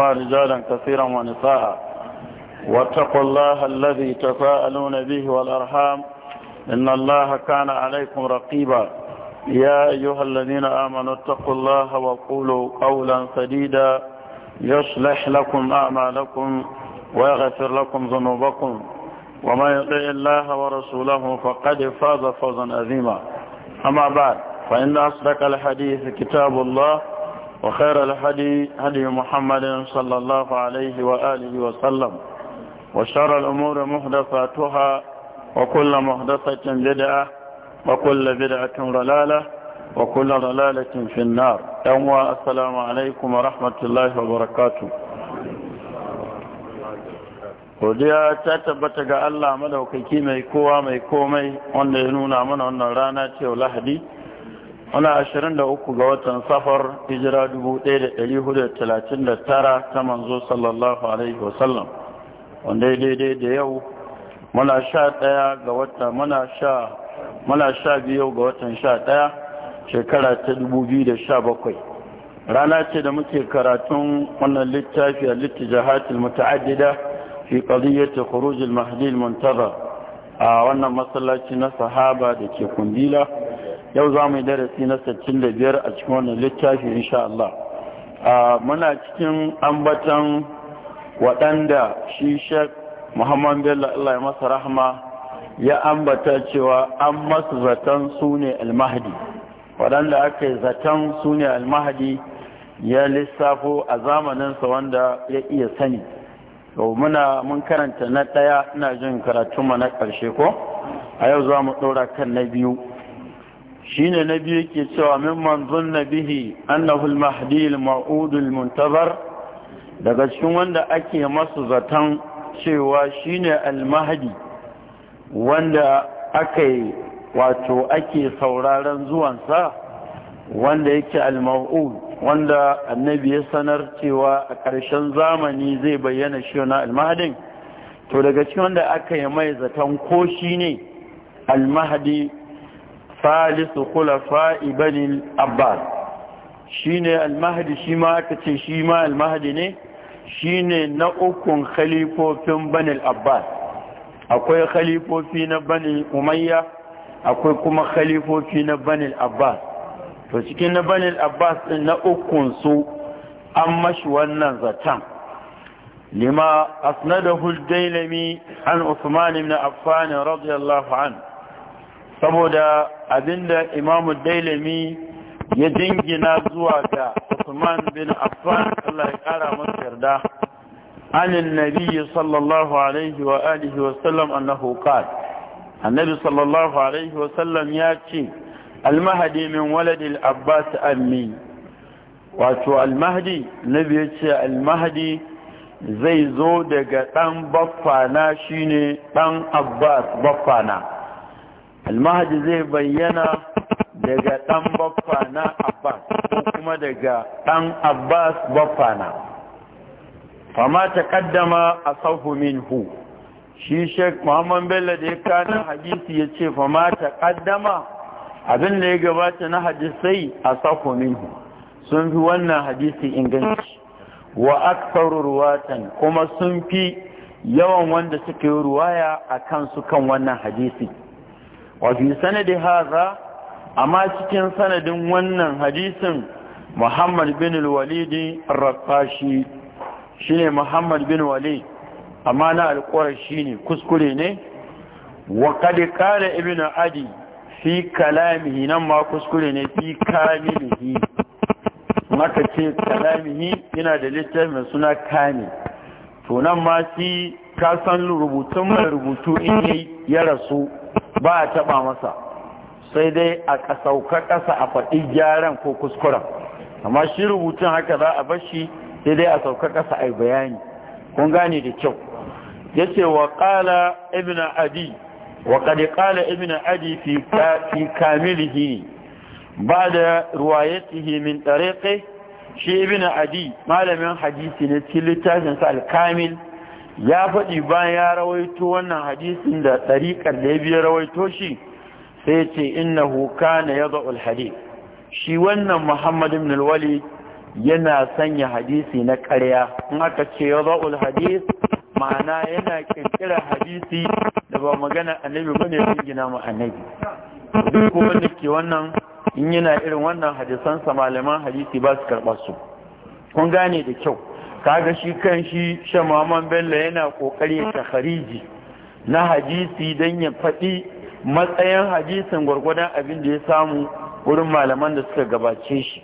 رجالا كثيرا ونساء واتقوا الله الذي تفاءلون به والأرحام إن الله كان عليكم رقيبا يا أيها الذين آمنوا اتقوا الله وقولوا قولا سديدا يصلح لكم أعمالكم ويغفر لكم ذنوبكم وما يطع الله ورسوله فقد فاز فوزا أذيما أما بعد فإن أصدق الحديث كتاب الله وخير الهدي هدي محمد صلى الله عليه وآله وسلم وشر الأمور محدثاتها وكل محدثة بدعة وكل بدعة ضلالة وكل ضلالة في النار يوم السلام عليكم ورحمة الله وبركاته godiya ta tabbata ga Allah madaukaki mai kowa mai komai wanda ya nuna mana wannan rana ce lahadi muna 23 ga watan safar hijira 1439 ta manzo sallallahu alaihi wasallam wanda daidai da yau muna 11 ga wata muna sha ga watan 11 shekara ta 2017 rana ce da muke karatun wannan littafi a littijahatul muta'addida fi qadiyyati khuruj al-mahdi al-muntazar a wannan masallaci na sahaba da ke kundila yau za mu yi darasi na 65 a cikin wannan littafi insha Allah muna cikin ambatan waɗanda shi shek Muhammadu bello Allah ya masa rahama ya ambata cewa an masu zaton su ne almahadi waɗanda aka yi zaton su ne almahadi ya lissafo a zamaninsa wanda ya iya sani muna mun karanta na ɗaya ina jin karatunmu na ƙarshe ko a yau za mu ɗora kan na biyu shine na biyu yake cewa mimman zunna bihi annahu mahdi al muntazar daga cikin wanda ake masu zaton cewa shine al-mahdi wanda aka wato ake sauraron zuwansa wanda yake al-ma'ud wanda annabi ya sanar cewa a ƙarshen zamani zai bayyana shi na al-mahdin to daga cikin wanda aka yi mai zaton ko shine al-mahdi salisu khulafa ibn abbas shine al-mahdi shi ma aka ce shi ma al-mahdi ne shine na ukun khalifofin bani abbas akwai khalifofi na bani umayya akwai kuma khalifofi na bani al-abbas to cikin na bani al-abbas din na ukun su an mashi wannan zatan lima asnadahu al-dailami an usman ibn affan radiyallahu anhu saboda abinda imamu dailami ya jingina zuwa ga Usman bin Affan Allah ya kara masa yarda anin nabiyyi sallallahu alaihi wa alihi wa sallam annahu qala annabi sallallahu alaihi wa sallam ya ce almahdi min walad al-abbas ammi wato almahdi nabi ya ce almahdi zai zo daga dan baffana shine dan abbas baffana almahadi zai bayyana daga ɗan baffa na abbas ko kuma daga ɗan abbas baffa na fama ta kaddama a minhu shi sheik muhammad bello da ya kanin hadisi ya ce fama ta abin da ya gabata na hadisai a sauhu minhu sun fi wannan hadisi inganci wa aksaru ruwatan kuma sun fi yawan wanda suka yi ruwaya akan su kan wannan hadisi wa fi sanadi hadha amma cikin sanadin wannan hadisin Muhammad bin al-Walid ar-Rafashi shine Muhammad bin Walid amma na al-Qurashi ne kuskure ne wa qad qala ibnu adi fi kalamihi nan ma kuskure ne fi kalamihi maka ce kalamihi yana da littafin suna kami to nan ma fi kasan rubutun mai rubutu in ya rasu ba a taɓa masa sai dai a sauka ƙasa a faɗi gyaran ko kuskuren amma shi rubutun haka za a bar shi sai dai a sauka ƙasa a bayani kun gane da kyau ya ce wa ƙala ibina adi wa ƙadi ƙala ibina adi fi hini ba da ruwayatihi min ƙai, shi ibina adi malamin hadisi ne cikin littafinsa alkamil ya faɗi bayan ya rawaito wannan hadisin da ɗariƙar da ya biya rawaito shi sai ce huka na yadhul hadith shi wannan Muhammad ibn alwali yana sanya hadisi na ƙarya in aka ce yadhul hadith ma'ana yana ƙirƙira hadisi da ba magana annabi ne sun gina mu annabi duk wanda ke wannan in yana irin wannan hadisansa malaman hadisi ba su karɓa su kun gane da kyau kaga shi kan shi shamaman bello yana kokari ta khariji na hadisi dan ya faɗi matsayin hadisin gwargwadon abin da ya samu wurin malaman da suka gabace shi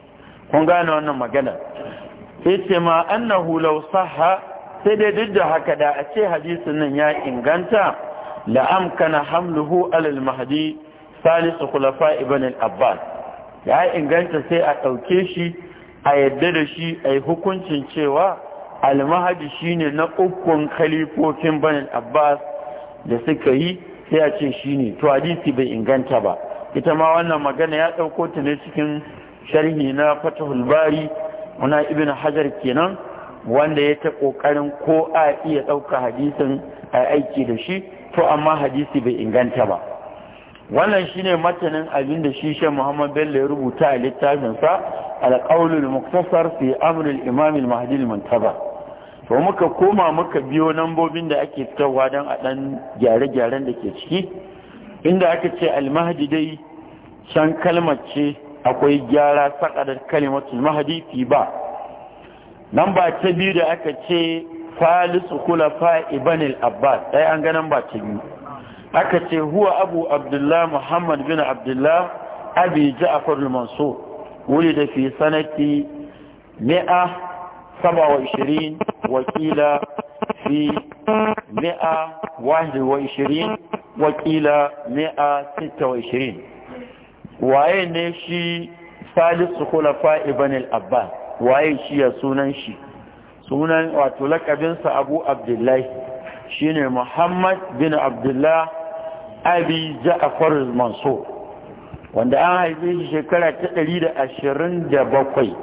kun gane wannan magana yace ma annahu law sahha sai dai duk da haka da a ce hadisin nan ya inganta la amkana hamluhu alal mahdi salisu khulafa ibn al-abbas ya inganta sai a ɗauke shi a yadda da shi a yi hukuncin cewa almahadi shine na ukun kalifofin banin abbas da suka yi sai a ce shine to hadisi bai inganta ba ita ma wannan magana ya ɗauko ta ne cikin sharhi na fatahul bari muna ibn hajar kenan wanda ya ta ƙoƙarin ko a iya ɗauka hadisin a aiki da shi to amma hadisi bai inganta ba wannan shine matanin abin da shi shan muhammad bello ya rubuta a littafinsa alƙaulul muktasar fi amrul imamil mahdi al-muntazar to muka koma muka biyo lambobin da ake fitarwa don a ɗan gyare-gyaren da ke ciki inda aka ce almahadi dai can kalmar ce akwai gyara sakadar kalimatul mahadi fi ba nan ba ta biyu da aka ce falisu kulafa ibanil abbas ɗaya an ganin ba ta biyu aka ce huwa abu abdullah muhammad bin abdullah abi ja'far al-mansur wuri da fi sanati mi'a 27 وقيل في 121 وقيل 126 وين شي ثالث خلفاء بن العباس waye shi ya sunan shi sunan wato lakabinsa abu abdullahi shine muhammad bin abdullah abi ja'far mansur wanda an haife shi shekara ta 127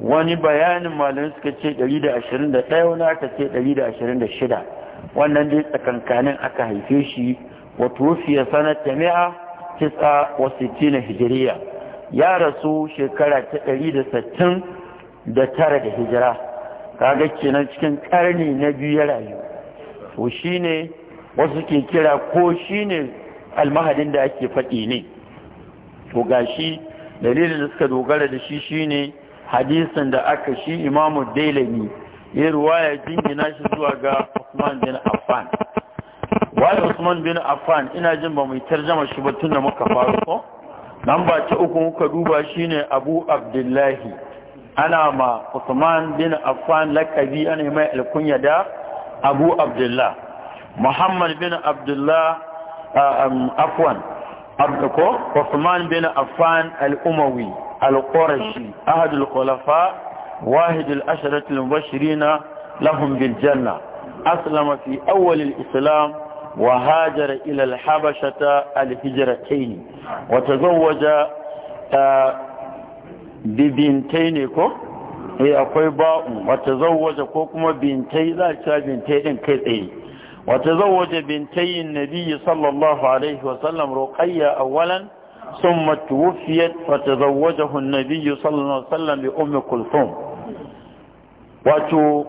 wani bayanin malamai suka ce 121 wani aka ce 126 wannan dai tsakankanin aka haife shi wato fiye sanar ta mi'a wa hijiriya ya rasu shekara ta 169 da tara da hijira kaga kenan cikin karni na biyu ya rayu to shi ne wasu ke kira ko shi ne almahadin da ake faɗi ne to gashi dalilin da suka dogara da shi shi ne. hadisin da aka shi imamu dailami ya ruwaya jingina shi zuwa ga Usman bin Affan wai Usman bin Afan ina jin ba mai tarjama shi ba tun da muka faru ko ba ta uku muka duba shine Abu Abdullahi ana ma Usman bin Affan lakabi ana mai alkunya da Abu Abdullah Muhammad bin Abdullah ah, um, afwan abdako Usman bin Affan al-Umawi القرشي أحد الخلفاء واحد الأشرة المبشرين لهم بالجنة أسلم في أول الإسلام وهاجر إلى الحبشة الهجرتين وتزوج آه، ببنتين هي أقوي إيه، وتزوج كوكما بنتين لا شاء بنتين كثير إيه. وتزوج بنتين النبي صلى الله عليه وسلم رقية أولا ثم توفيت فتزوجه النبي صلى الله عليه وسلم بأم كلثوم واتو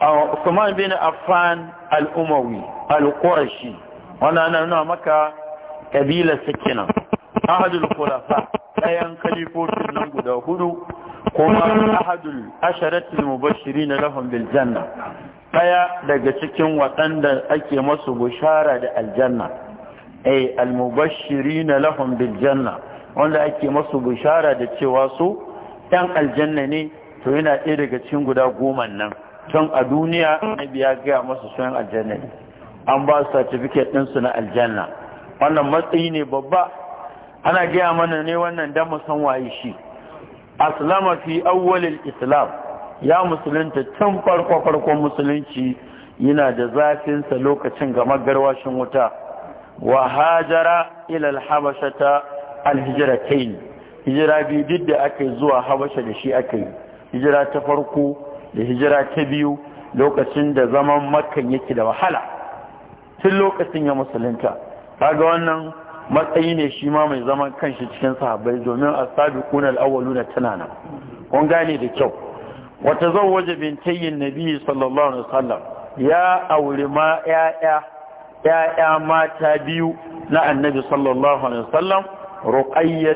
عثمان بن عفان الأموي القرشي وانا انا هنا مكة قبيلة سكنة أحد الخلفاء لا ينقلب في النمو داخله كما أحد الأشرة المبشرين لهم بالجنة ɗaya daga cikin waɗanda ake masu bushara da aljanna ay eh, almubashirina lahum bil janna wanda ake masu bishara da cewa su ɗan aljanna ne to yana ɗaya daga cikin guda goma nan tun a duniya annabi ya gaya masu sunan aljanna ne an ba su certificate ɗinsu na aljanna wannan matsayi ne babba ana gaya mana ne wannan dan mu san waye shi aslama fi awwalil islam ya musulunta tun farko farkon musulunci yana da zafinsa lokacin ga magarwashin wuta Wahajara ilal habasha ta alhijiratain hijira biyu duk da aka zuwa habasha da shi aka yi hijira ta farko da hijira ta biyu lokacin da zaman makan yake da wahala tun lokacin ya musulunta kaga wannan matsayi ne shima mai zaman kanshi cikin sahabbai domin as-sabiqun al-awwaluna tana nan kun gane da kyau wata zawwaja bintayin nabi sallallahu alaihi wasallam ya auri ma ya'ya 'ya'ya mata biyu na annabi sallallahu alaihi wasallam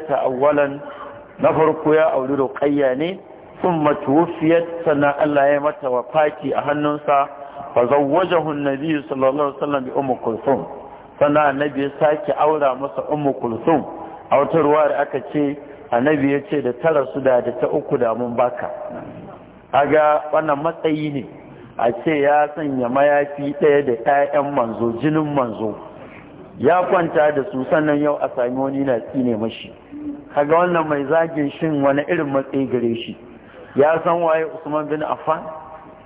ta awalan na farko ya auri ruqayya ne thumma tuwfiyat sannan Allah ya mata wafati a hannunsa fa zawwajahu annabi sallallahu alaihi wasallam bi ummu kulsun sannan annabi ya sake aura masa ummu kulsun a wata ruwa da aka ce annabi ya ce da tara su da ta uku da mun baka kaga wannan matsayi ne a ce ya sanya mayafi ɗaya da 'ya'yan manzo jinin manzo ya kwanta da su sannan yau a sami wani na ne mashi kaga wannan mai zagin shin wani irin matsayi gare shi ya san waye usman bin affan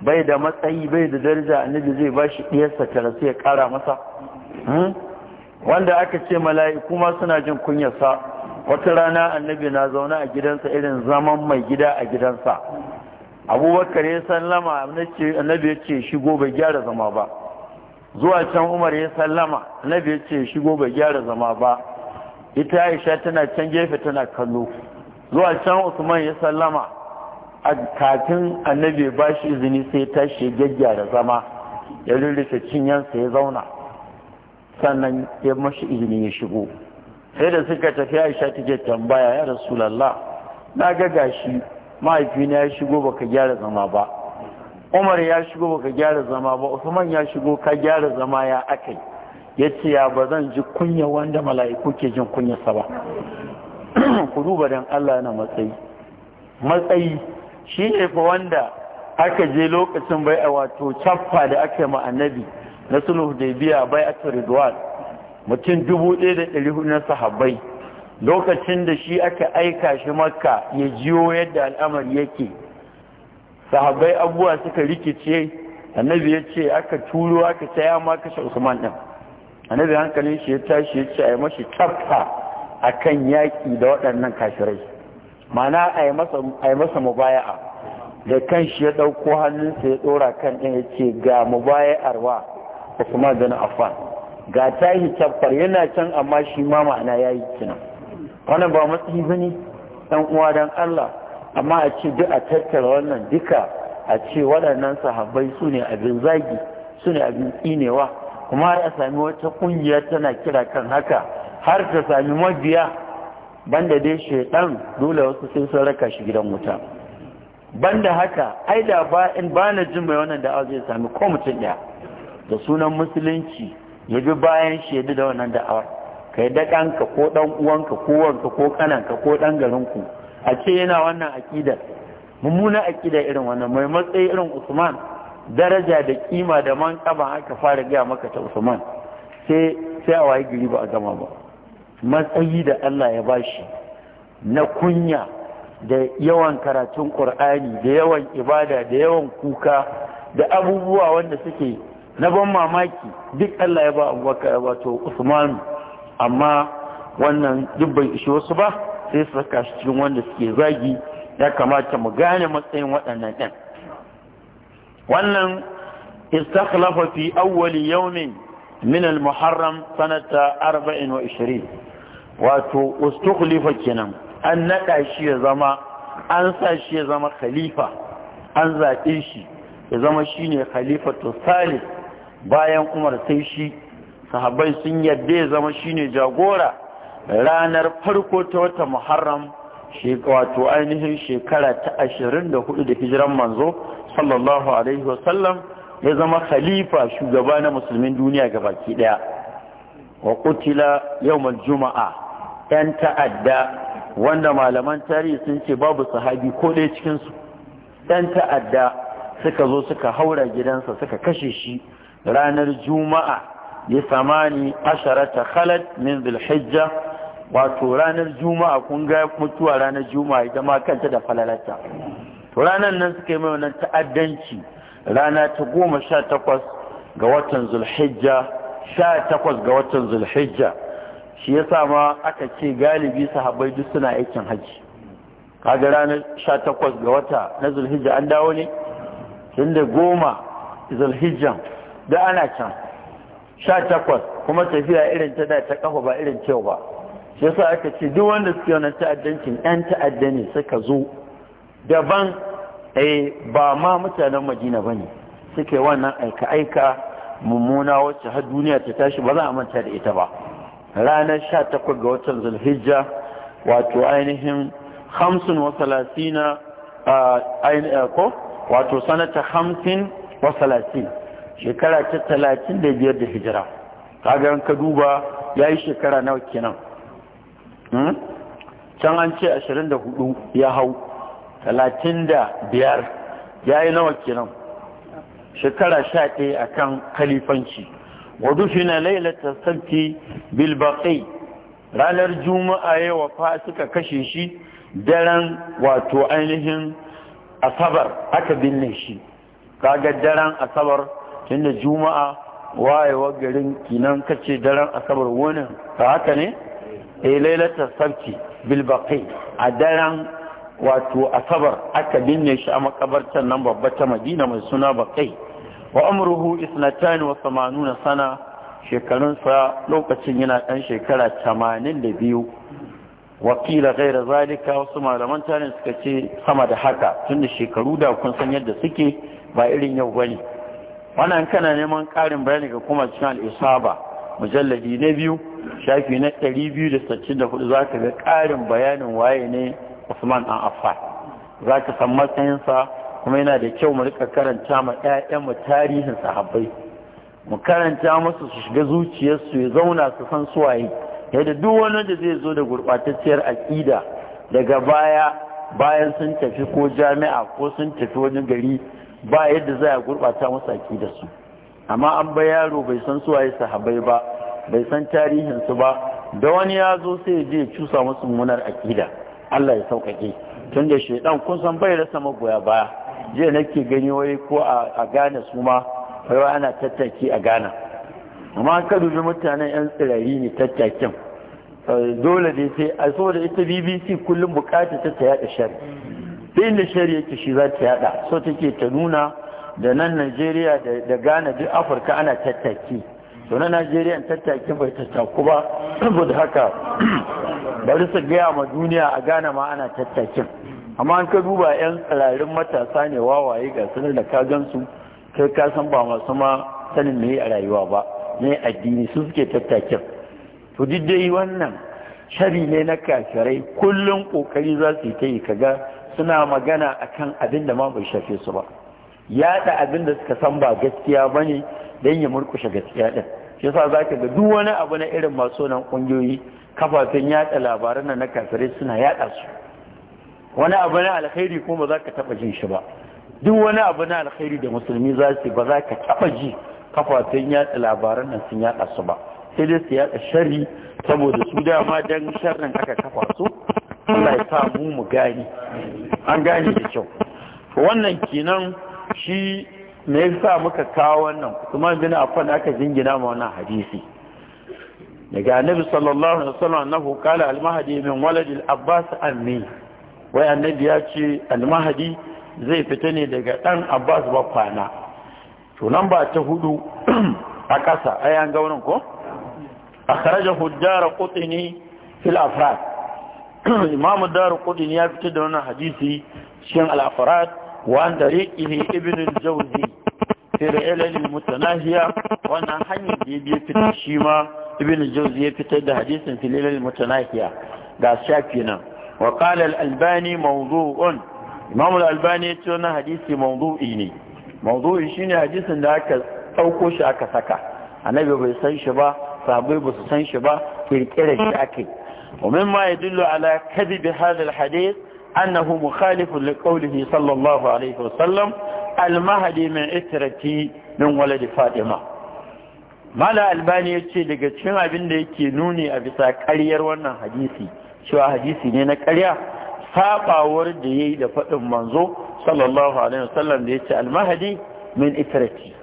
bai da matsayi bai da daraja annabi zai bashi ɗiyarsa tara ya ƙara masa hmm? wanda aka ce mala'iku ma suna jin kunyarsa wata rana annabi na zaune a gidansa irin zaman mai gida a gidansa abubakar ya sallama annabi ya ce shigo bai gyara zama ba zuwa can umar ya sallama annabi ya ce shigo bai gyara zama ba ita aisha tana can gefe tana kallo zuwa can usman ya sallama a kafin annabi ba shi izini sai tashi ya gyaggyara zama ya cin yansa ya zauna sannan ya mashi izini ya shigo sai da suka tafi aisha take tambaya ya rasulallah na ga gashi mahaifina ya shigo baka gyara zama ba umar ya shigo baka gyara zama ba usman ya shigo ka gyara zama ya akai ya ce ya ba zan ji kunya wanda mala'iku ke jin kunyarsa ba ku duba don allah na matsayi matsayi shi ne fa wanda aka je lokacin bai a wato caffa da aka yi ma annabi na sulhu da biya bai a mutum dubu ɗaya da ɗari hudu na sahabbai lokacin da shi aka aika shi makka ya jiyo yadda al'amar yake sahabbai abubuwa suka rikice annabi ya ce aka turo aka taya ma kashe usman ɗin. annabi hankalin shi ya tashi ya ce a yi mashi tafka a kan yaƙi da waɗannan kashirai mana a yi masa mubaya'a da kan shi ya ɗauko hannunsa ya ɗora kan ɗin ya ce ga mubaya'ar wa usman bin affan ga tahi tafkar yana can amma shi ma ma'ana ya yi kinan wannan ba matsayi ba ne ɗan uwa don Allah amma a ce duk a tattara wannan duka a ce waɗannan sahabbai su ne abin zagi su ne abin tsinewa kuma har a sami wata ƙungiya tana kira kan haka har ta sami mabiya banda dai shaidan dole wasu sai sun raka shi gidan wuta banda haka ai da ba in ba na jin mai wannan da zai sami ko mutum ɗaya da sunan musulunci ya bi bayan shaidu da wannan da'awar ka da ɗanka ko ɗan uwanka ko wanka ko kananka ko ɗan garinku a ce yana wannan aƙidar mummuna aƙida irin wannan mai matsayi irin usman daraja da kima da man aka fara gaya maka ta usman sai sai a waye gari ba a gama ba matsayi da allah ya bashi na kunya da yawan karatun ƙur'ani da yawan ibada da yawan kuka da abubuwa wanda suke na ban mamaki duk allah ya ba abubakar wato usmanu amma wannan duk bai ishi wasu ba sai su saka shi cikin wanda suke zagi ya kamata mu gane matsayin waɗannan ɗin wannan istakhlafa fi awwali yawmin min al-muharram sanata 24 wato istakhlafa kenan an naka shi ya zama an sa shi ya zama khalifa an zaɓe shi ya zama shine khalifatu salih bayan Umar sai shi sahabbai sun yadda ya zama shine jagora ranar farko ta wata muharram wato ainihin shekara ta ashirin da hudu da hijiran manzo sallallahu alaihi wasallam ya zama khalifa shugaba na musulmin duniya ga baki daya wa kutila yawmal juma'a yan ta'adda wanda malaman tarihi sun ce babu sahabi ko ɗaya cikin su yan ta'adda suka zo suka haura gidansa suka kashe shi ranar juma'a li samani asharata khalat min dhil hijja wato ranar juma'a kun ga mutuwa ranar juma'a ita ma kanta da falalata to ranar nan suka yi wannan ta'addanci rana ta goma sha takwas ga watan zulhijja sha takwas ga watan zulhijja shi ya sa ma aka ce galibi sahabbai duk suna aikin hajji kaga ranar sha takwas ga wata na zulhijja an dawo ne tun da goma zulhijjan da ana can sha takwas kuma tafiya irin ta da ta kafa ba irin cewa ba shi yasa aka ce duk wanda suke wannan ta'addancin yan ta'adda ne suka zo daban eh ba ma mutanen Madina bane suke wannan aika aika mummuna wacce har duniya ta tashi ba za a manta da ita ba ranar sha takwas ga watan zulhijja wato ainihin hamsin wa salasina ko wato sanata hamsin wa salasin shekara ta talatin da biyar da hijira kaga ka duba ya yi shekara nawa kenan hmm? can an ce ashirin da hudu ya hau talatin da biyar ya yi nawa kenan shekara sha ɗaya a kan kalifanci wadufina lailatar sabti bilbaƙai ranar juma'a ya wafa suka kashe shi daren wato ainihin asabar aka binne shi kaga daren asabar tunda juma'a wayewar garin kinan kace daren asabar wani ta haka ne eh lalata sabti bilbaqi a daren wato asabar aka binne shi a makabartar nan babba ta madina mai suna baqi wa amruhu 82 sana shekarunsa lokacin yana dan shekara 82 wakila gaira zalika wasu malaman tarin suka ce sama da haka tunda shekaru da kun san yadda suke ba irin yau bane wannan kana neman ƙarin bayani ga kuma cikin al'isaba mujalladi na biyu shafi na 264 za ka ga ƙarin bayanin waye ne usman an afa za ka san matsayinsa kuma yana da kyau mu rika karanta ma 'ya'yanmu tarihin sahabbai mu karanta musu su shiga zuciyarsu ya zauna su san suwaye yadda duk wani da zai zo da gurɓatacciyar aƙida daga baya bayan sun tafi ko jami'a ko sun tafi wani gari ba yadda za a gurɓata masa su amma an ba yaro bai san su waye sahabai ba bai san tarihinsu ba da wani ya zo sai ya je cusa musu munar aƙida Allah ya sauƙaƙe tun da shaidan kun san bai rasa magoya baya je nake gani wai ko a gane su ma wai ana tattaki a gana amma ka dubi mutanen yan tsirari ne tattakin eh, dole dai sai a saboda ita bbc kullum bukata ta ta yaɗa shari sai inda shari yake shi za ta yada so take ta nuna da nan najeriya da ghana duk afirka ana tattaki to na najeriya tattaki bai tattaku ba saboda haka bari su gaya ma duniya a ghana ma ana tattakin amma an ka duba yan tsirarin matasa ne wawaye ga sanar da ka gansu kai ka san ba masu ma sanin me a rayuwa ba ne addini su suke tattakin to duk dai wannan shari ne na kashirai kullum kokari za su yi ta yi kaga suna magana a kan abin da ma bai shafe su ba yaɗa abin da suka san ba gaskiya ba ne don ya murkushe gaskiya ɗin shi yasa za ka ga duk wani abu na irin masu nan ƙungiyoyi kafafen yaɗa labaran na kafirai suna yaɗa su wani abu na alkhairi kuma ba za ka taɓa jin shi ba duk wani abu na alkhairi da musulmi za su ba za ka taɓa ji kafafen yaɗa labaran nan sun yaɗa su ba sai dai su yaɗa shari saboda su dama don sharrin aka kafa su Allah ya sa mu mu gani an gani da kyau wannan kenan shi me yasa muka kawo wannan kuma bin Affan aka jingina ma wannan hadisi daga annabi sallallahu alaihi wasallam annahu qala al-mahdi min walad al-abbas ammi wai annabi ya ce al-mahdi zai fita ne daga dan abbas ba kwana to nan ba ta hudu a ƙasa ayan an ga wannan ko akhrajahu dar qutni fil afrad imamu daru kudin ya fitar da wannan hadisi cikin al'afarat wa an dare Ibn al jauzi fere mutanahiya wannan hanyar da ya biya fitar shi ma al jauzi ya fitar da hadisin fililalin mutanahiya ga shafi nan wa kala al'albani mawuzo'un imamu ya ce wannan hadisi mawuzo'i ne mawuzo'i shine hadisin da aka sauko shi aka saka annabi bai san shi ba sabai ba su san shi ba kirkirar shi ake ومما يدل على كذب هذا الحديث أنه مخالف لقوله صلى الله عليه وسلم المهدي من إترتي من ولد فاطمة mala albani ya ce daga cikin abin da yake nuni a bisa karyar wannan hadisi cewa hadisi ne na karya Saɓawar da ya yi da faɗin manzo sallallahu alaihi wasallam da ya ce almahadi min itrati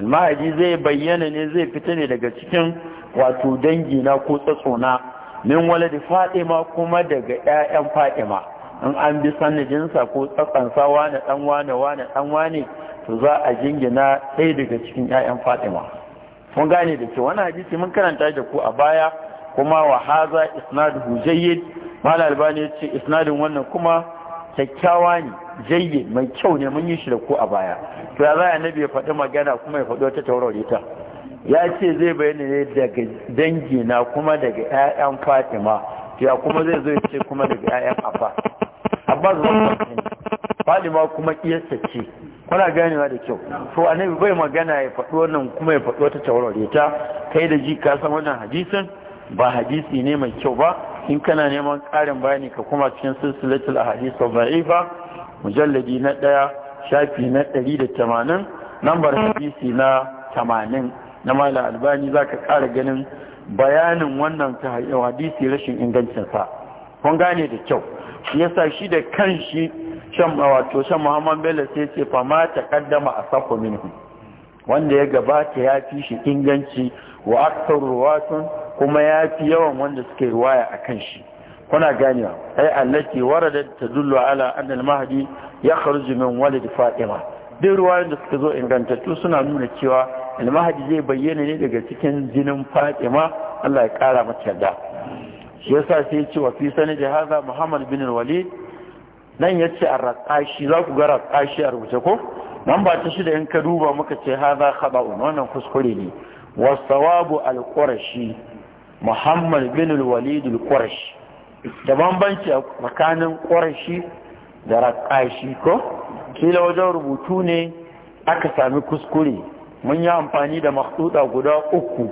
almahadi zai bayyana ne zai fita ne daga cikin wato dangi na ko tsatsona min waladi fatima kuma daga ƴaƴan fatima in an bi sanadinsa ko tsakansa wane dan wane wane dan wane to za a jingina ɗaya daga cikin ƴaƴan fatima mun gane da ke wani hadisi mun karanta da ku a baya kuma wa haza isnaduhu jayyid mal albani yace isnadin wannan kuma kyakkyawa ne jayyid mai kyau ne mun yi shi da ku a baya to ya za a nabi ya faɗi magana kuma ya faɗi wata taurari ta ya ce zai bayyana ne daga dangina kuma daga 'ya'yan fatima ya kuma zai zo ce kuma daga 'ya'yan abba abba zuwa fatima kuma kiyasta ce kuna ganewa da kyau to annabi bai magana ya faɗi wannan kuma ya faɗi wata tawarware ta kai da ji ka san wannan hadisin ba hadisi ne mai kyau ba in kana neman ƙarin bayani ka kuma cikin silsilatul ahadith da'ifa mujalladi na ɗaya shafi na ɗari da tamanin lambar hadisi na tamanin na mala albani za ka ƙara ganin bayanin wannan ta hadisi rashin ingancinsa kun gane da kyau shi yasa shi da kan shi shan wato shan muhammad bello sai ce fama ta kaddama a sako minhu wanda ya gabata ya fi shi inganci wa aksar ruwatun kuma ya fi yawan wanda suke ruwaya a kan shi kuna wa? ai allati warada tadullu ala anna al-mahdi ya kharuju min walid fatima duk ruwayoyin da suka zo ingantattu suna nuna cewa almahadi zai bayyana ne daga cikin jinin fatima Allah ya kara mata yarda shi yasa sai ce wa fi sanadi hadha muhammad bin walid nan yace a raqashi za ku ga raqashi a rubuce ko nan ba ta shida in ka duba muka ce haza khata'un wannan kuskure ne wa sawabu al-qurashi muhammad bin walid al da bambanci a tsakanin qurashi da raƙashi ko kila wajen rubutu ne aka sami kuskure mun yi amfani da makhduda guda uku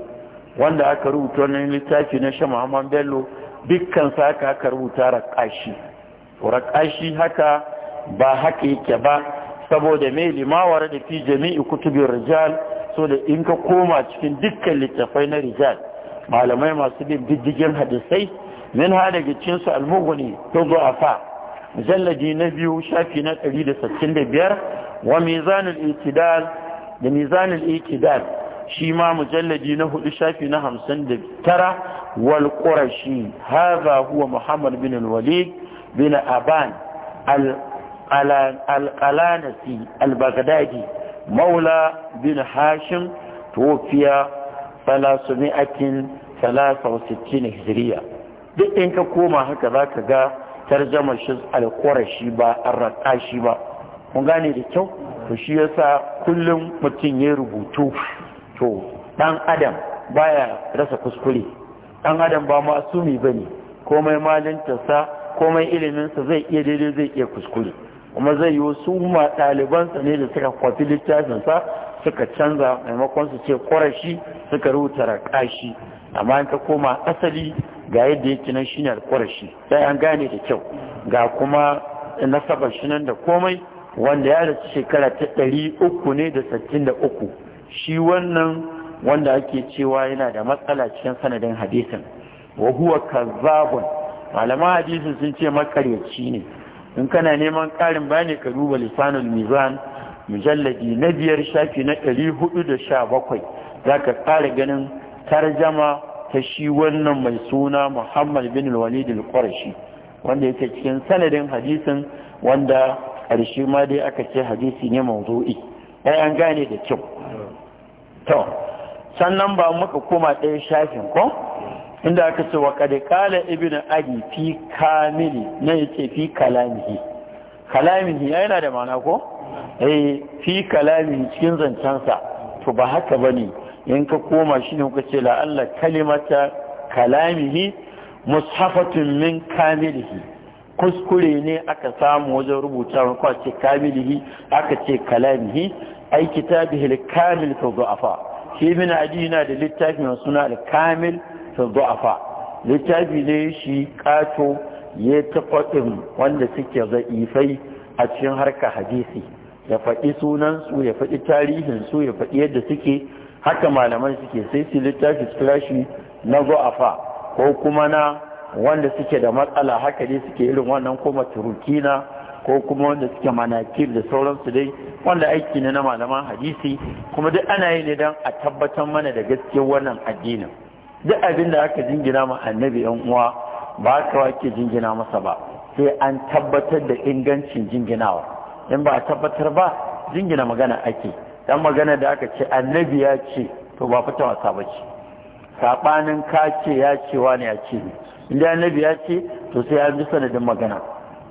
wanda aka rubuta wannan littafi na shan muhammad bello dukkan sa aka aka rubuta raƙashi raƙashi haka ba haka yake ba saboda mai limawar da fi jami'i kutubin rijal so da in ka koma cikin dukkan littafai na rijal malamai masu bin diddigin hadisai min ha daga cinsu almuguni ta zuwa mujalladi na biyu shafi na 165 wa mizanul itidal da mizanin ikidal shi ma mujalladi na hudu shafi na hamsin da tara wal qurashi hadha huwa muhammad bin walid bin aban al al-qalanasi al-baghdadi مولى بن هاشم توفي 363 هجرية duk in ka koma haka za ka ga tarjamar shi alƙwarashi ba an raƙa shi ba kun gane da kyau to shi yasa kullum mutum ya rubutu to ɗan adam baya rasa kuskure ɗan adam ba masumi bane komai malintarsa komai iliminsa zai iya daidai zai iya kuskure kuma zai yi su ma ɗalibansa ne da suka kwafi littafinsa suka canza maimakon su ce suka rubuta raƙashi amma in ka koma asali ga yadda yake nan shine kwarashi sai an gane da kyau ga kuma nasabar shi nan da komai wanda ya rasu shekara ta ɗari uku ne da sittin da uku shi wannan wanda ake cewa yana da matsala cikin sanadin hadisin wa huwa kazzabun malaman hadisin sun ce makaryaci ne in kana neman ƙarin bayani ka duba lisanul mizan mujalladi na biyar shafi na ɗari hudu da sha bakwai za ka ƙara ganin tarjama ta shi wannan mai suna muhammad bin walid al-qurashi wanda yake cikin sanadin hadisin wanda ƙarshe ma dai aka ce hadisi ne mawdu'i ai an gane da kyau to sannan ba muka koma ɗaya shafin ko inda aka ce wa kada kala ibn aji fi kamili na ce fi kalamihi kalamihi yana da ma'ana ko eh fi kalamihi cikin zancensa to ba haka bane in ka koma shi ne kuka ce la'alla kalimata kalamihi mushafatun min kamilihi kuskure ne aka samu wajen rubuta ko ce kamilihi aka ce kalamihi ai kitabihi al-kamil fi du'afa shi ibn adi yana da littafi mai suna al-kamil fi du'afa littafi ne shi kato ya tafaɗin wanda suke za'ifai a cikin harka hadisi ya faɗi sunan su ya faɗi tarihin su ya faɗi yadda suke haka malaman suke sai su littafi su shi na du'afa ko kuma na wanda suke da matsala haka dai suke irin wannan ko maturukina ko kuma wanda suke manakir da sauransu dai wanda aiki ne na malaman hadisi kuma duk ana yi ne don a tabbatar mana da gaskiyar wannan addinin duk abin da aka jingina ma annabi yan uwa ba ka wake jingina masa ba sai an tabbatar da ingancin jinginawa in ba a tabbatar ba jingina magana ake dan magana da aka ce annabi ya ce to ba fita wasa ba ce saɓanin ka ce ya ce wane ya ce ne inda annabi ya ce to sai an bi sanadin magana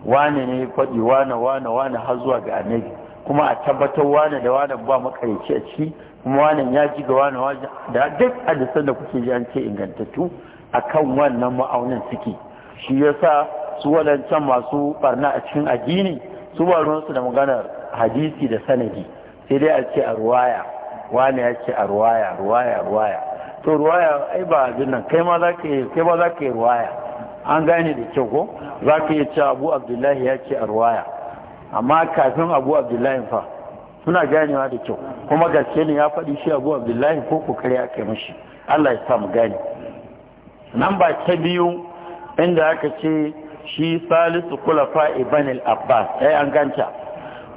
wane ne faɗi wane wane wane har zuwa ga annabi kuma a tabbatar wane da wane ba makarici a ciki kuma wane ya ji ga wane wane da duk hadisan da kuke ji an ce ingantattu kan wannan ma'aunin suke shi ya sa su waɗancan masu ɓarna a cikin addini su ba ruwansu da maganar hadisi da sanadi sai dai a ce a ruwaya wane ya ce a ruwaya ruwaya ruwaya to ruwaya ai ba abin nan kai ma za ka yi kai ba za ka yi ruwaya an gane da kyau ko za ka yi cewa abu abdullahi ya ce a ruwaya amma kafin abu abdullahi fa suna ganewa da kyau kuma gaske ne ya faɗi shi abu abdullahi ko kokari aka yi mashi allah ya sa mu gane nan ba ta biyu inda aka ce shi salisu kulafa ibn al-abbas ai an ganta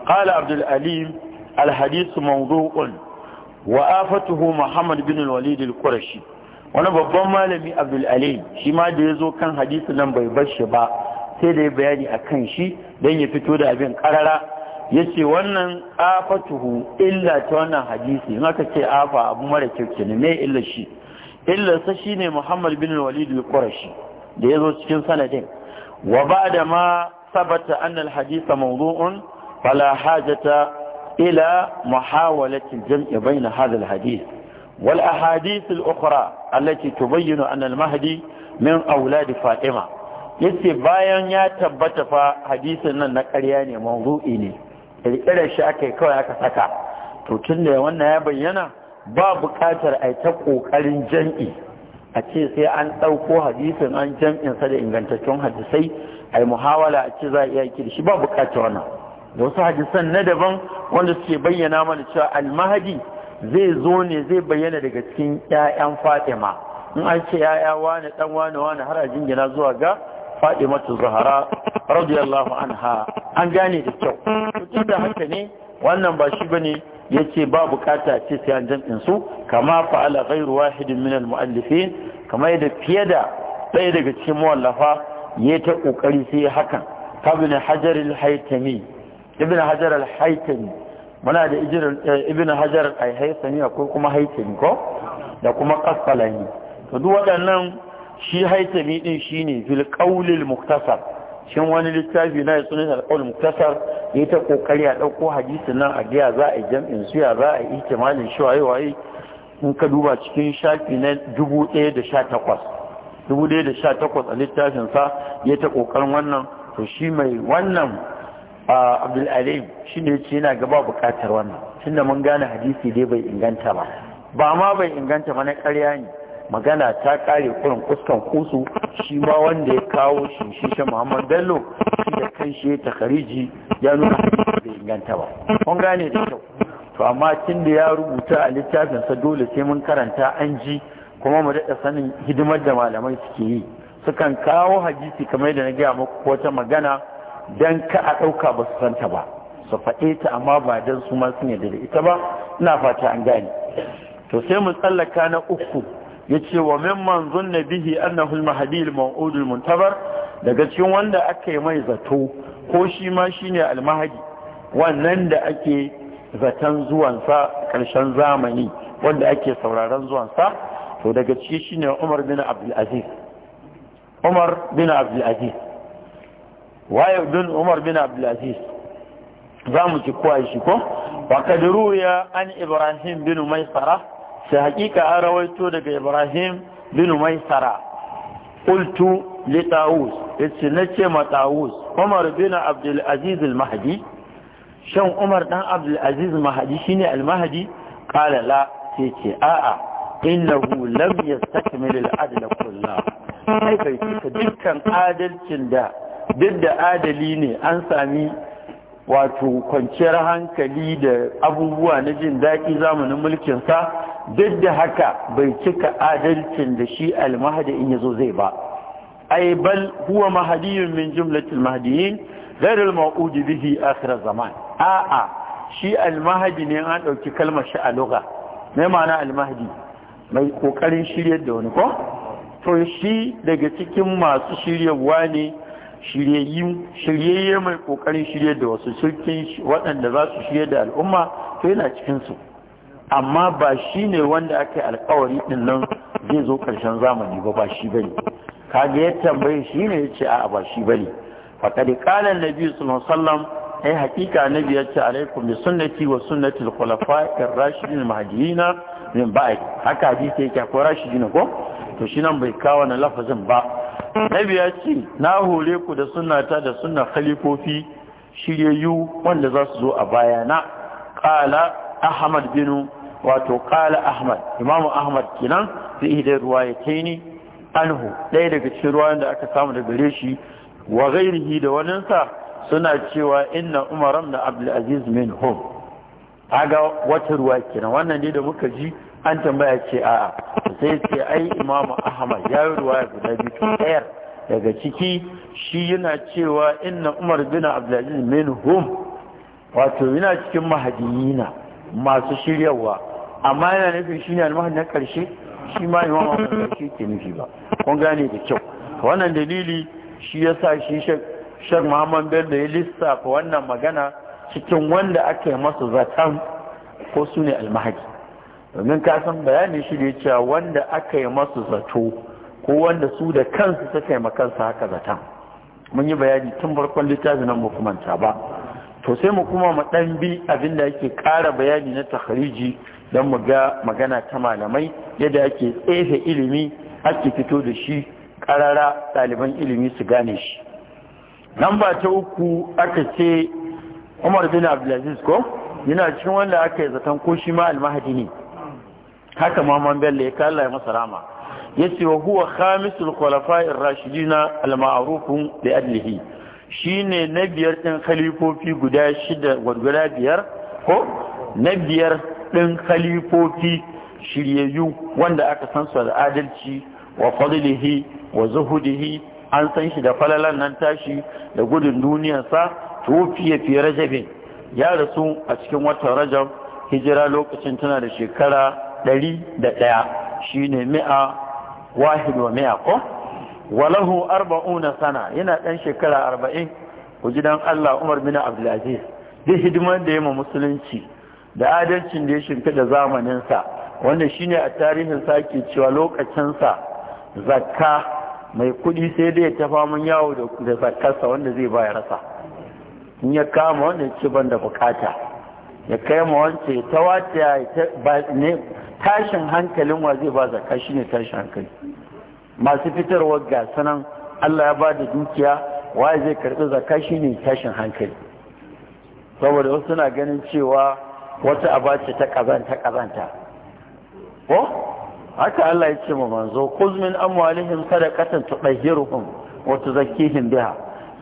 qala abdul alim al-hadith mawdu'un wa afatuhu muhammad bin walid al-qurashi wani babban malami abdul alim shi ma da ya zo kan hadisi nan bai bar shi ba sai da ya bayani a kan shi don ya fito da abin karara ya ce wannan afatuhu illa ta wannan hadisi in aka ce afa abu mara kyau ne me illa shi illarsa shi ne muhammad bin walid al-qurashi da ya zo cikin sanadin wa ba da ma sabata annal hadisa mawdu'un fala ta. إلى محاولة الجمع بين هذا الحديث والأحاديث الأخرى التي تبين أن المهدي من أولاد فاطمة yace bayan ya tabbata fa hadisin nan na ƙarya ne mawdu'i ne ƙirƙirar shi aka yi kawai aka saka to tun wannan ya bayyana ba buƙatar a ta ƙoƙarin jam'i a ce sai an ɗauko hadisin an jam'insa da ingantaccen hadisai a yi muhawala a ce za a iya kiri shi ba buƙatar wannan wasu hadisan na daban wanda suke bayyana mana cewa almahadi zai zo ne zai bayyana daga cikin 'ya'yan fatima in an ce 'ya'ya wani dan wani wani har a jingina zuwa ga fatima tu zahara radiyallahu anha an gane da kyau tun da haka ne wannan ba shi bane yace ba bukata ce sai an jam'in su kama fa'ala ghairu wahidin min al-mu'allifin kama yadda fiye da ɗaya daga cikin muwallafa ya ta kokari sai hakan kabin hajar al-haytami ibn hajar al muna da ibn eh, hajar al-haitami akwai kuma haitami ko da kuma kasfalani to duk waɗannan shi haitami din shine fil qawlil muktasar shin wani littafi na sunan al-qawl muktasar yayi ta kokari a dauko hadisin nan a giya za a jam'in ya za a ihtimalin shi waye waye in ka duba cikin shafi na 1018 1018 a littafin sa yayi ta kokarin wannan to shi mai wannan abdul alim shi ne ce yana gaba bukatar wannan tunda mun gane hadisi dai bai inganta ba ba ma bai inganta ba na karya ne magana ta kare kurin kuskan kusu shi ma wanda ya kawo shi shi shi muhammad bello shi da kan shi ta khariji ya nuna bai inganta ba mun gane da kyau to amma tun da ya rubuta a littafinsa dole sai mun karanta an ji kuma mu daɗa sanin hidimar da malamai suke yi sukan kawo hadisi kamar da na gaya muku wata magana dan ka a ɗauka ba su santa ba su faɗe ta amma ba dan su ma sun yarda da ita ba ina fata an gane to sai mu tsallaka na uku ce wa mimman na bihi annahu al-mahdi al-maw'ud muntabar daga cikin wanda aka yi mai zato ko shi ma shine al-mahdi wannan da ake zaton zuwansa ƙarshen zamani wanda ake sauraron zuwansa to daga ciki shine Umar bin Abdul Umar bin Abdulaziz. waye don umar bin abdulaziz za mu ci kuwa shi ko wa kadiru ya an ibrahim bin maisara sai hakika an rawaito daga ibrahim bin maisara qultu li tawus yace nace ma tawus umar bin abdulaziz al-mahdi shan umar dan abdulaziz mahdi shine al-mahdi qala la sai ce a'a innahu lam yastakmil al-adl kullahu kai kai dukkan adalcin da duk da adali ne an sami wato kwanciyar hankali da abubuwa na jin daɗi zamanin mulkinsa duk da haka bai cika adalcin da shi almahadi in yazo zai ba ai bal huwa mahadiyun min jumlatil mahdiyin ghayr al maw'ud bihi akhir zaman a'a shi almahadi ne an dauki kalmar shi a lugha mai ma'ana almahadi mai kokarin shiryar da wani ko to shi daga cikin masu shiryarwa ne shiryayyu shiryayye mai kokarin shirye da wasu cikin waɗanda za su shirye da al'umma to yana cikinsu. amma ba shi ne wanda aka yi alkawari din nan zai zo ƙarshen zamani ba ba shi bane kaga ya tambaye shi ne ya ce a'a ba shi bane faqad qala nabi sallallahu alaihi wasallam ai hakika nabi ya ce alaikum bi sunnati wa sunnati al-khulafa'ir rashidin mahdiyina min ba'd haka hadisi yake ko rashidin ko to shi nan bai kawo na lafazin ba nabi ya ce na hore ku da sunnata da sunna khalifofi shiryayyu wanda za su zo a bayana qala ahmad Binu wato qala ahmad imamu ahmad kenan fi ihdar ne anhu ɗaya daga cikin ruwayan da aka samu daga gare shi wa ghairihi da waninsa suna cewa inna umar ibn abdul aziz minhum aga wata ruwa kenan wannan ne da muka ji an tambaya ce a'a sai ce ai imamu ahmad ya yi ruwaya guda biyu ɗayar daga ciki shi yana cewa inna umar bin abdulaziz hum wato yana cikin mahadiyina masu shiryawa amma yana nufin shi ne almahadi na ƙarshe shi ma imamu ahmad ƙarshe ke nufi ba kun gane da kyau wannan dalili shi ya sa shi shek muhammad da ya lissafa wannan magana cikin wanda aka yi masa zaton ko su ne almahadi domin ka san bayani shi da cewa wanda aka yi masu zato ko wanda su da kansu suka yi makansa haka zatan mun yi bayani tun farkon littafin nan mu ba to sai mu kuma mu dan bi abin da yake ƙara bayani na takhriji don mu ga magana ta malamai yadda ake tsefe ilimi ake fito da shi ƙarara ɗaliban ilimi su gane shi Nan ba ta uku aka ce umar bin abdulaziz ko yana cikin wanda aka yi zaton ko shi ma almahadi ne haka Muhammad Bello ya kalla ya masa rama yace wa huwa khamisul khulafa'ir rashidina al-ma'rufun bi adlihi shine na biyar din khalifofi guda shida guda biyar ko na biyar din khalifofi shiryayyu wanda aka san su da adalci wa fadlihi wa zuhudihi an san shi da falalan nan tashi da gudun duniyarsa tufiye fiye rajabin ya rasu a cikin watan rajab hijira lokacin tana da shekara ɗari da ɗaya shi ne mi'a wahid wa mi'a ko walahu arba'una sana yana ɗan shekara arba'in ku ji don Allah Umar bin Abdulaziz duk hidimar da ya ma musulunci da adalcin da ya shimfiɗa zamaninsa wanda shi ne a tarihin sake cewa lokacinsa zakka mai kuɗi sai dai ya tafa mun yawo da zakkarsa wanda zai ba ya rasa in ya kama wanda ya ci ban da bukata ya kai ma wance ta wata ya ne tashin hankalin wa zai ba shi ne tashin hankali masu fitarwar ga sanan Allah ya ba da dukiya wa zai karɓi shi ne tashin hankali saboda wasu na ganin cewa wata abace ta kazanta kazanta ko haka Allah ya ce ma manzo khuz min amwalihim sadaqatan tudahhiruhum wa tuzakkihim biha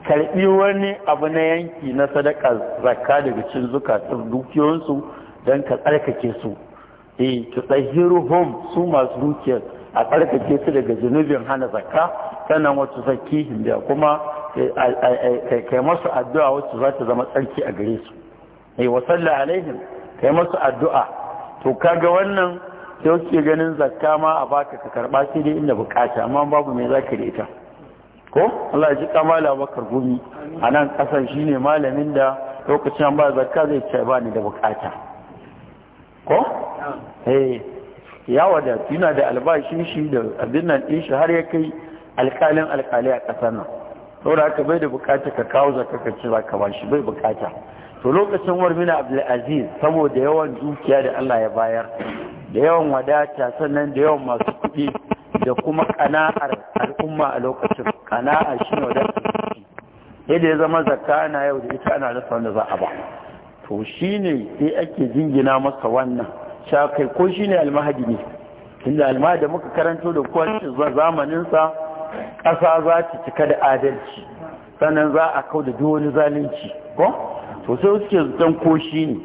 karbi wani abu na yanki na sadaka zakka daga cikin zukatun dukiyoyinsu don ka tsarkake su eh hom su masu dukiyar a tsarkake su daga zunubin hana zakka sannan wata zakihim da kuma eh, kai masu addu'a wacce za ta zama tsarki a gare su eh wa salla alaihim kai masu addu'a to kaga wannan sai kuke ganin zakka ma a baka ka karba shi dai inda bukata amma babu me zaka da ita ko Allah ya ji kamala bakar gumi anan nan kasan shine malamin da lokacin ba zakka zai ce ba ni da bukata ko eh ya wada yana da albashin shi da abin nan din shi har ya kai alkalin alkali a ƙasar nan saboda haka bai da bukata ka kawo zaka ka ci zaka ba shi bai bukata to lokacin warmina abdulaziz saboda yawan dukiya da Allah ya bayar da yawan wadata sannan da yawan masu kuɗi da kuma kana'ar al'umma a lokacin kana'ar shi ne wadata yadda ya zama zakana yau da ita ana rasa wanda za a ba to shi ne sai ake jingina masa wannan sha kai ko ne almahadi ne inda almahadi muka karanto da kwanci zamaninsa ƙasa za ta cika da adalci sannan za a kau da duk wani zalunci ko to sai suke zuton ko shi ne?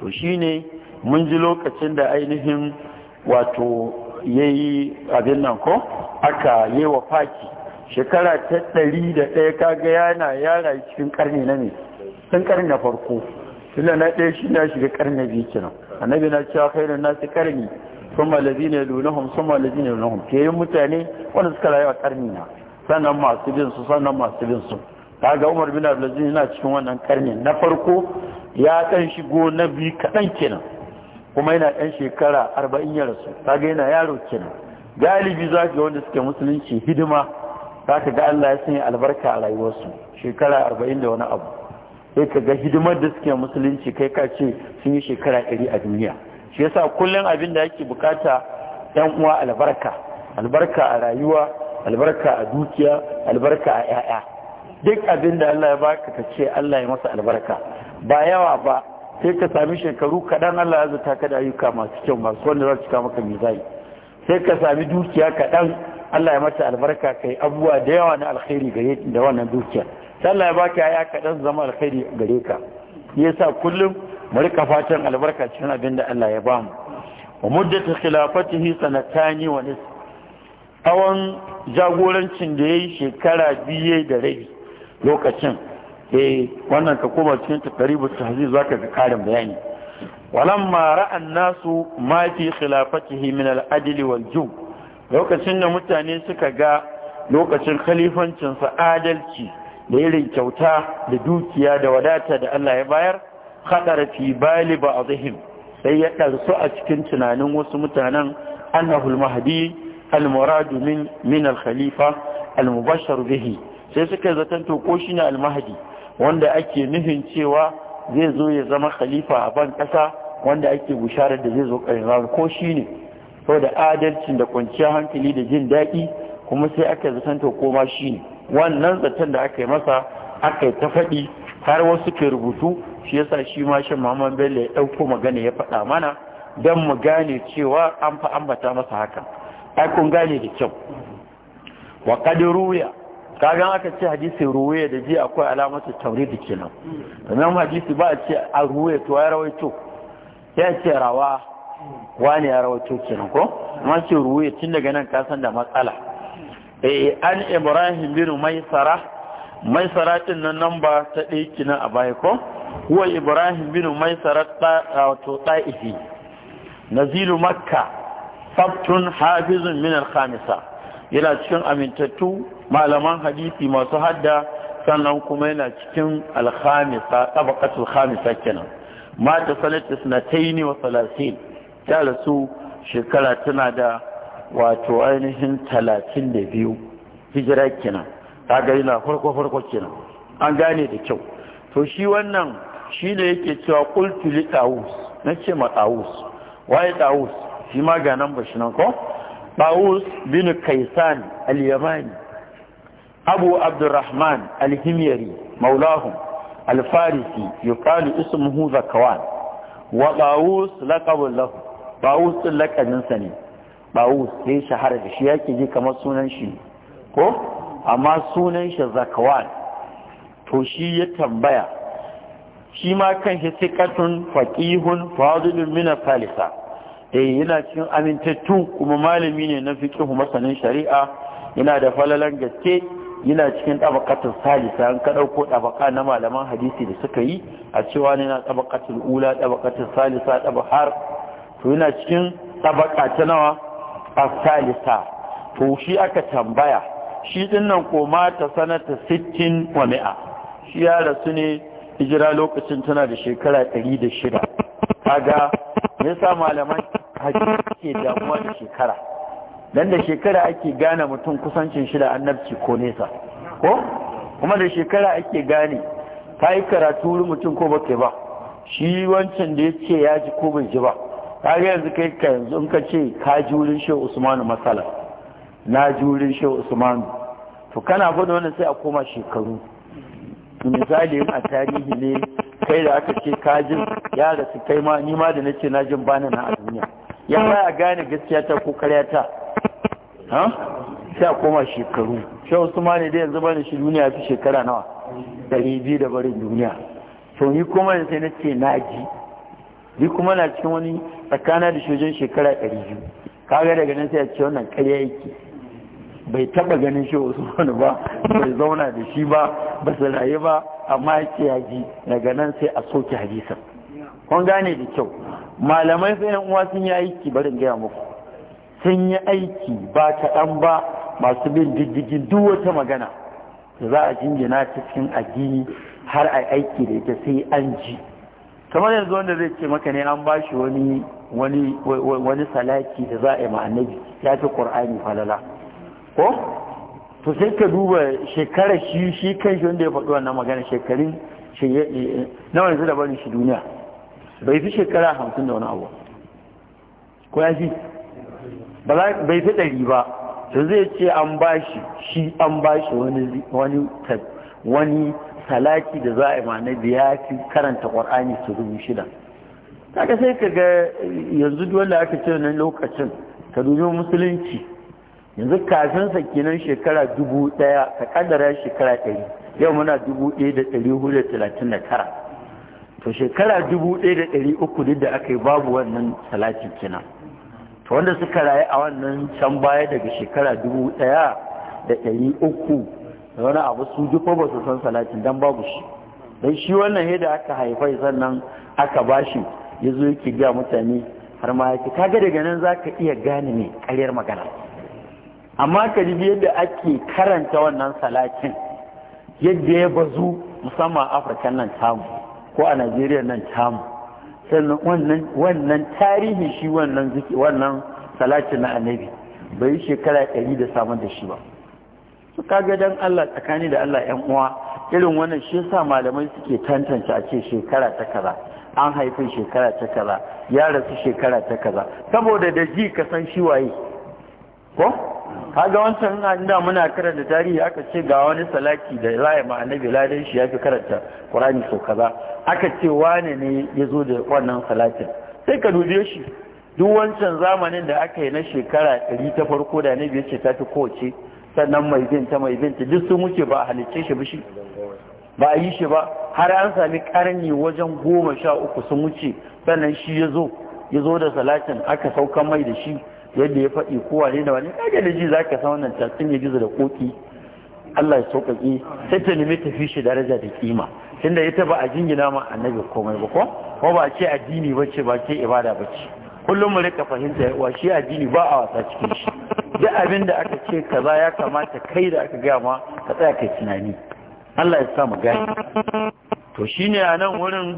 to shi ne mun ji lokacin da ainihin wato ya yi abin nan ko aka yi wa faki shekara ta ɗari da ɗaya kaga yana ya rayu cikin ƙarni na ne Sun ƙarni na farko tunda na ɗaya shi na shiga ƙarni biyu kenan annabi na cewa na nasi karni sun malazi ne lunahum sun malazi ne lunahum ke yin mutane wanda suka rayu a karni na sannan masu bin su sannan masu bin su ga umar bin abdulaziz yana cikin wannan ƙarni na farko ya ɗan shigo na biyu kaɗan kenan kuma yana ɗan shekara arba'in ya rasu ta kaga yana yaro kenan galibi za ka wanda suke musulunci hidima za ka ga Allah ya sanya albarka a rayuwarsu shekara arba'in da wani abu sai ka ga hidimar da suke musulunci kai ka ce sun yi shekara ɗari a duniya shi yasa kullum abin da yake bukata yan uwa albarka albarka a rayuwa albarka a dukiya albarka a 'ya'ya duk abin da Allah ya baka ka ce Allah ya masa albarka ba yawa ba sai ka sami shekaru kaɗan Allah ya zata ka da ayyuka masu kyau masu wanda za su cika maka mizani sai ka sami dukiya kaɗan Allah ya mata albarka kai abubuwa da yawa na alkhairi gare da wannan dukiya Allah ya baka yaya kaɗan zama alkhairi gare ka yasa kullum mu rika fatan albarka cikin abin da Allah ya bamu wa muddatu khilafatihi sanatani wa nis awan jagorancin da yayi shekara biye da rai lokacin eh wannan ka koma cikin ta tahzib zaka ga karin bayani walamma ra'an nasu ma fi khilafatihi min al-adl wal jub lokacin da mutane suka ga lokacin khalifancin sa adalci da irin kyauta da dukiya da wadata da Allah ya bayar khadara fi bali ba'dihim sai ya ɗansu a cikin tunanin wasu mutanen annahul mahdi al-muradu min min al-khalifa al-mubashshar bihi sai suka zaton to ko shine al-mahdi wanda ake nufin cewa zai zo ya zama khalifa a ban kasa wanda ake bisharar da zai zo ƙarshen ko shine saboda adalcin da kwanciyar hankali da jin daɗi kuma sai aka zaton to ko ma shine wannan zaton da aka yi masa aka yi ta faɗi har wasu ke rubutu shi yasa shi ma shan Muhammad Bello ya ɗauko magana ya faɗa mana don mu gane cewa an fa ambata masa haka ai kun gane da kyau wa qad ruwaya kagan aka ce hadisi ruwaya da ji akwai da ke kenan sannan hadisi ba a ce a ruwaya to ya rawaito ya ce rawa wani ya rawaito kenan ko amma ce ruwaya tun daga nan ka san da matsala eh an ibrahim bin maisara maisara din nan namba ta ɗaya kina a baya ko huwa ibrahim bin maisara ta wato ta'ifi nazilu makka sabtun hafizun min khamisa yana cikin amintattu malaman hadisi masu hadda sannan kuma yana cikin al-khamisa tabaqatul kenan mata sanata salasin, ta rasu shekara tana da wato ainihin talatin da biyu hijira kenan ta gari na farko farko kenan an gane da kyau to shi wannan shi ne yake cewa kultu li ɗawus na ce ma ɗawus waye ɗawus shi ma ga nan bashi nan ko ɗawus bin kaisan al-yamani abu abdurrahman al-himyari maulahum al-farisi yuqalu ismuhu zakawan wa ɗawus laƙabin lahu ɗawus din ne ɗawus sai shahara da shi ke ji kamar sunan shi ko amma sunan shi zakawan to shi ya tambaya shi ma kan shi sikatun faƙihun fadulun mina falisa eh yana cikin amintattu kuma malami ne na fiqhu masanin shari'a yana da falalan gaske yana cikin ɗab'aƙatar salisa an ka ko ɗab'aƙa na malaman hadisi da suka yi a cewa ne na tabaqatul ula tabaqatul salisa tabahar to yana cikin ɗab'aƙa ta nawa asalisa to shi aka tambaya shi din nan koma ta sanata 60 wa mi'a shi ya rasu ne hijira lokacin tana da shekara ɗari kaga shida kaga yasa malaman hadisi ke damuwa da shekara dan da shekara ake gane mutum kusancin shi da annabci ko nesa ko kuma da shekara ake gane ka yi karatu mutum ko ba ke ba shi wancan da ya ce ya ji ko bai ji ba kaga yanzu kai ka yanzu in ka ce ka jurin shehu usmanu matsala na jurin shehu usmanu to kana faɗa wannan sai a koma shekaru misali a tarihi ne kai da aka ce ka jin ya rasu kai ma ni ma da nace na jin bana na a duniya ya ba a gane gaskiya ta ko karya ta sai a koma shekaru shehu usmanu dai yanzu bane shi duniya fi shekara nawa dari biyu da barin duniya to ni kuma sai na ce na ji ni kuma na cikin wani tsakana da shujin shekara ɗari biyu kaga daga nan sai a ce wannan ƙarya yake bai taba ganin shi wasu wani ba bai zauna da shi ba ba su rayu ba amma ya ce ya daga nan sai a soke hadisan kun gane da kyau malamai sai yan uwa sun yi aiki barin gaya muku sun yi aiki ba kaɗan ba masu bin diddigin duk wata magana da za a jingina cikin addini har a aiki da ita sai an ji kamar yanzu wanda zai ce maka ne an ba shi wani wani wani salati da za a yi ma annabi ya fi qur'ani falala ko to sai ka duba shekarar shi shi kan shi wanda ya faɗi wannan magana shekarun shi nawa yanzu da barin shi duniya bai fi shekara hamsin da wani abu ko ya fi bai fi ɗari ba to zai ce an ba shi shi an ba shi wani wani salaki da za a yi ma ya fi karanta ƙur'ani su rubu shida kaga sai ka ga yanzu dole aka ce nan lokacin ka dubi musulunci yanzu kafin sa kenan shekara dubu ɗaya ka kaddara shekara ɗari yau muna dubu ɗaya da ɗari hudu talatin da tara to shekara dubu ɗaya da ɗari uku duk da aka yi babu wannan talatin kenan to wanda suka rayu a wannan can baya daga shekara dubu ɗaya da ɗari uku da wani abu su ko ba su san salatin dan babu shi don shi wannan yadda aka haifai sannan aka bashi ya zo yake ga mutane har ma yake kaga daga nan za ka iya gane mai karyar magana amma ka ji yadda ake karanta wannan salatin yadda ya bazu musamman a afirka nan tamu ko a najeriya nan tamu sannan wannan wannan tarihi shi wannan zuki wannan salatin na annabi bai yi shekara ɗari da samun da shi ba su kaga dan Allah tsakani da Allah yan uwa irin wannan shi sa malamai suke tantance a ce shekara ta kaza an haifi shekara ta kaza ya rasu shekara ta kaza saboda da ji ka san shi waye ko kaga wancan inda muna karanta tarihi aka ce ga wani salaki da laye ma annabi ladan shi yafi karanta qur'ani so kaza aka ce wane ne yazo da wannan salatin sai ka dubiye shi duk wancan zamanin da aka yi na shekara 100 ta farko da annabi ce ta fi kowace sannan mai bin ta mai bin ta duk sun wuce ba a halicce shi ba shi ba a yi shi ba har an sami karni wajen goma sha uku sun wuce sannan shi ya zo ya zo da salatin aka sauka mai da shi yadda ya faɗi kowa ne da wani kage da ji za ka san wannan tatsun ya gizo da koki Allah ya sauƙaƙi sai ta nemi tafi shi daraja da kima tunda ita ba a jingina ma annabi komai ba ko ba ce addini ba ce ba ce ibada ba ce kullum mu rika fahimta wa shi addini ba a wasa cikin shi duk abin da aka ce kaza ya kamata kai da aka gaya ma ka tsaya kai tunani Allah ya sa mu gani to shine a nan wurin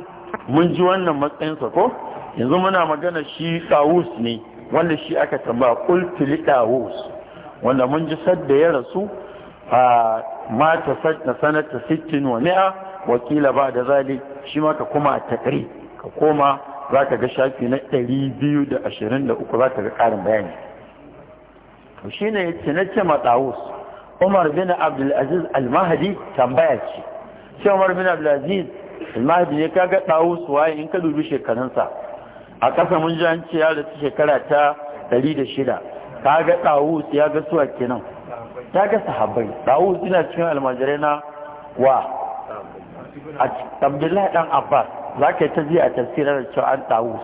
mun ji wannan matsayinsa ko yanzu muna magana shi Tawus ne wanda shi aka tambaya qultu li wanda mun ji sadda ya rasu a mata sanata sittin wa mi'a wakila ba da zali shi maka kuma a takari ka koma za ka ga shafi na 223 za ka ga karin bayani to ya ce na ce ma ɗawus. umar bin abdulaziz al-mahdi tambaya ce shi umar bin abdulaziz al-mahdi ne ka ga dawo suwaye in ka dubi shekarunsa a ƙasa mun ji an ce ya rasu shekara ta shida. ka ga dawo ya ga suwa kenan ta ga sahabbai dawo ina cikin almajirai na wa abdullahi dan abbas za ka yi ta ji a tafsirar cewa an dawo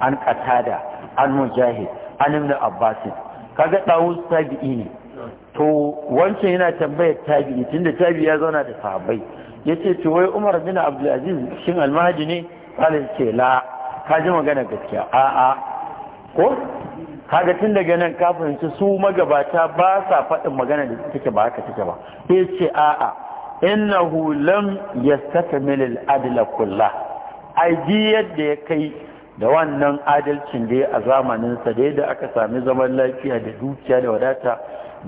an katada an mujahid an ibn abbasin ga dawo sabi'i ne to wancan yana tambayar tabi'i tunda tabi'i ya zauna da sahabbai yace to wai Umar bin abdulaziz Aziz shin almahaji ne kala ce la ka ji magana gaskiya a a ko kaga tun daga nan ka fahimci su magabata ba sa faɗin magana da take ba haka take ba sai ce a a innahu lam yastakmil al-adl kullah ai yadda ya kai da wannan adalcin da ya a zamanin sa da aka sami zaman lafiya da dukiya da wadata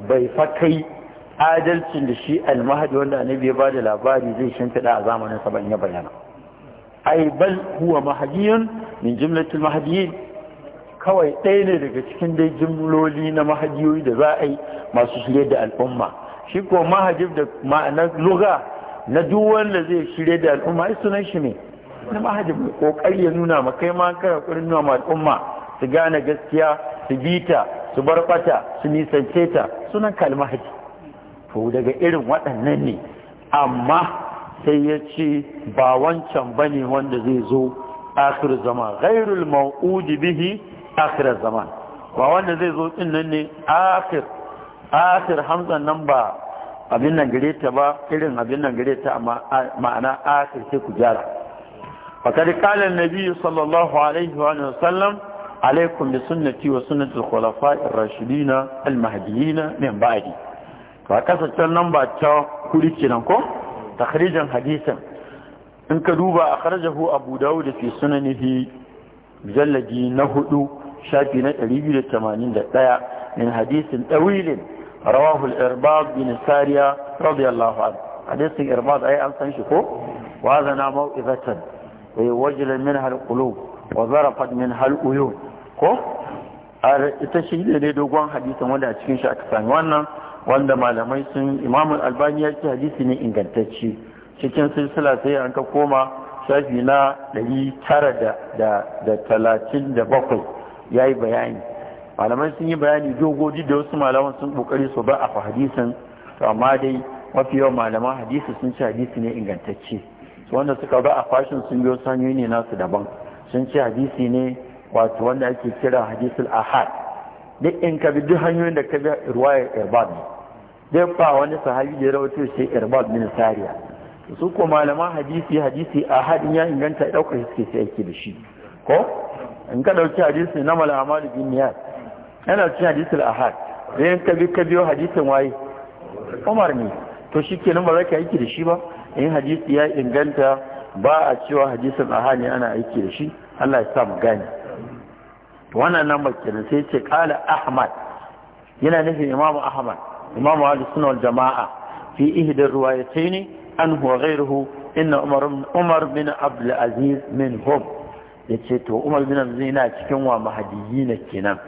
bai fakai kai adalcin da shi almahadi wanda annabi ya ba da labari zai shimfiɗa a zamanin sa ban ya bayyana. ai bal huwa mahdiyun min jumlatul mahdiyin kawai ɗaya ne daga cikin dai jimloli na mahdiyoyi da za a yi masu shirye da al'umma shi ko mahajib da ma'anar luga na duk wanda zai shirye da al'umma ai sunan shi ne na mahajib kokari ya nuna ma kai ma kai nuna ma al'umma su gane gaskiya su bita su bar su nisance ta sunan kalmar haji to daga irin waɗannan ne amma sai ya ce ba wancan ba ne wanda zai zo akhir zaman ghairul ma'udi bihi akhir zaman ba wanda zai zo din nan ne akhir akhir hamzan nan ba abin nan gare ta ba irin abin nan gare ta ma'ana akhir sai ku jara fakar kalan nabi sallallahu alaihi wa sallam alaikum bi sunnati wa sunnati al-khulafa'ir rashidin al-mahdiyyin min ba'di ka kasance namba ta kuri kenan ko takhrijin hadisin in ka duba akhrajahu abu dawud fi sunanihi mujalladi na hudu shafi na 281 min hadisin tawilin rawahu al-irbad bin sariya radiyallahu anhu hadisin irbad ai an san shi ko wa zana mau'izatan wa wajlan minha al-qulub وظرفت منها الأيون ko ita shi ne dogon hadisin wanda a cikin shi aka sami wannan wanda malamai sun imamul albani ya ce hadisi ne ingantacce cikin silsila sai an ka koma shafi na 937 ya yi bayani malamai sun yi bayani dogodi da wasu malaman sun kokari su ba a hadisin to amma dai mafi yawan malaman hadisi sun ce hadisi ne ingantacce wanda suka ba a fashin sun biyo sanyoyi ne nasu daban sun ce hadisi ne wato wanda ake kira hadisul ahad duk in ka bi duk hanyoyin da ka bi ruwaya irbad ne dai ba wani sahabi da ya rawaito shi irbad min sariya su ko malaman hadisi hadisi ahad ya inganta daukar shi sai ake da shi ko in ka dauki hadisi na malama da bin niyas yana cikin hadisul ahad dai in ka bi ka biyo hadisin waye Umar ne to shikenan ba za ka aiki da shi ba in hadisi ya inganta ba a cewa hadisin ahad ne ana aiki da shi Allah ya sa mu gane wannan nan bakin sai ce kala ahmad yana nufin imamu ahmad imamu ahli sunna wal jama'a fi ihdar sai anhu an ghayruhu inna umar umar bin abdul aziz ya yace to umar bin abdul yana cikin wa na kenan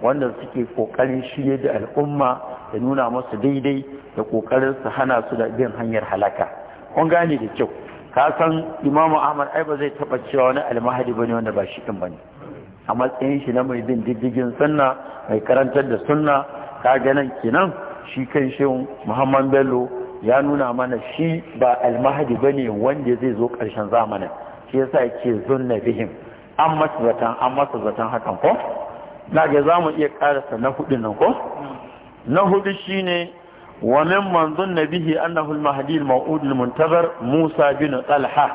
wanda suke kokarin shirye da al'umma da nuna musu daidai da kokarin su hana su da bin hanyar halaka kun gane da kyau ka san imamu ahmad ai ba zai taba cewa wani almahadi bane wanda ba shi din bane a matsayin shi na mai bin diddigin sunna mai karantar da sunna kaga nan kenan shi kan shi Muhammad Bello ya nuna mana shi ba almahadi ne wanda zai zo karshen zamanin shi yasa yake zunna bihim an masa zaton an masa zaton hakan ko na ga za iya karasa na hudu nan ko na hudu shine wa min manzun nabihi annahu al-mahdi al-maw'ud al Musa bin Talha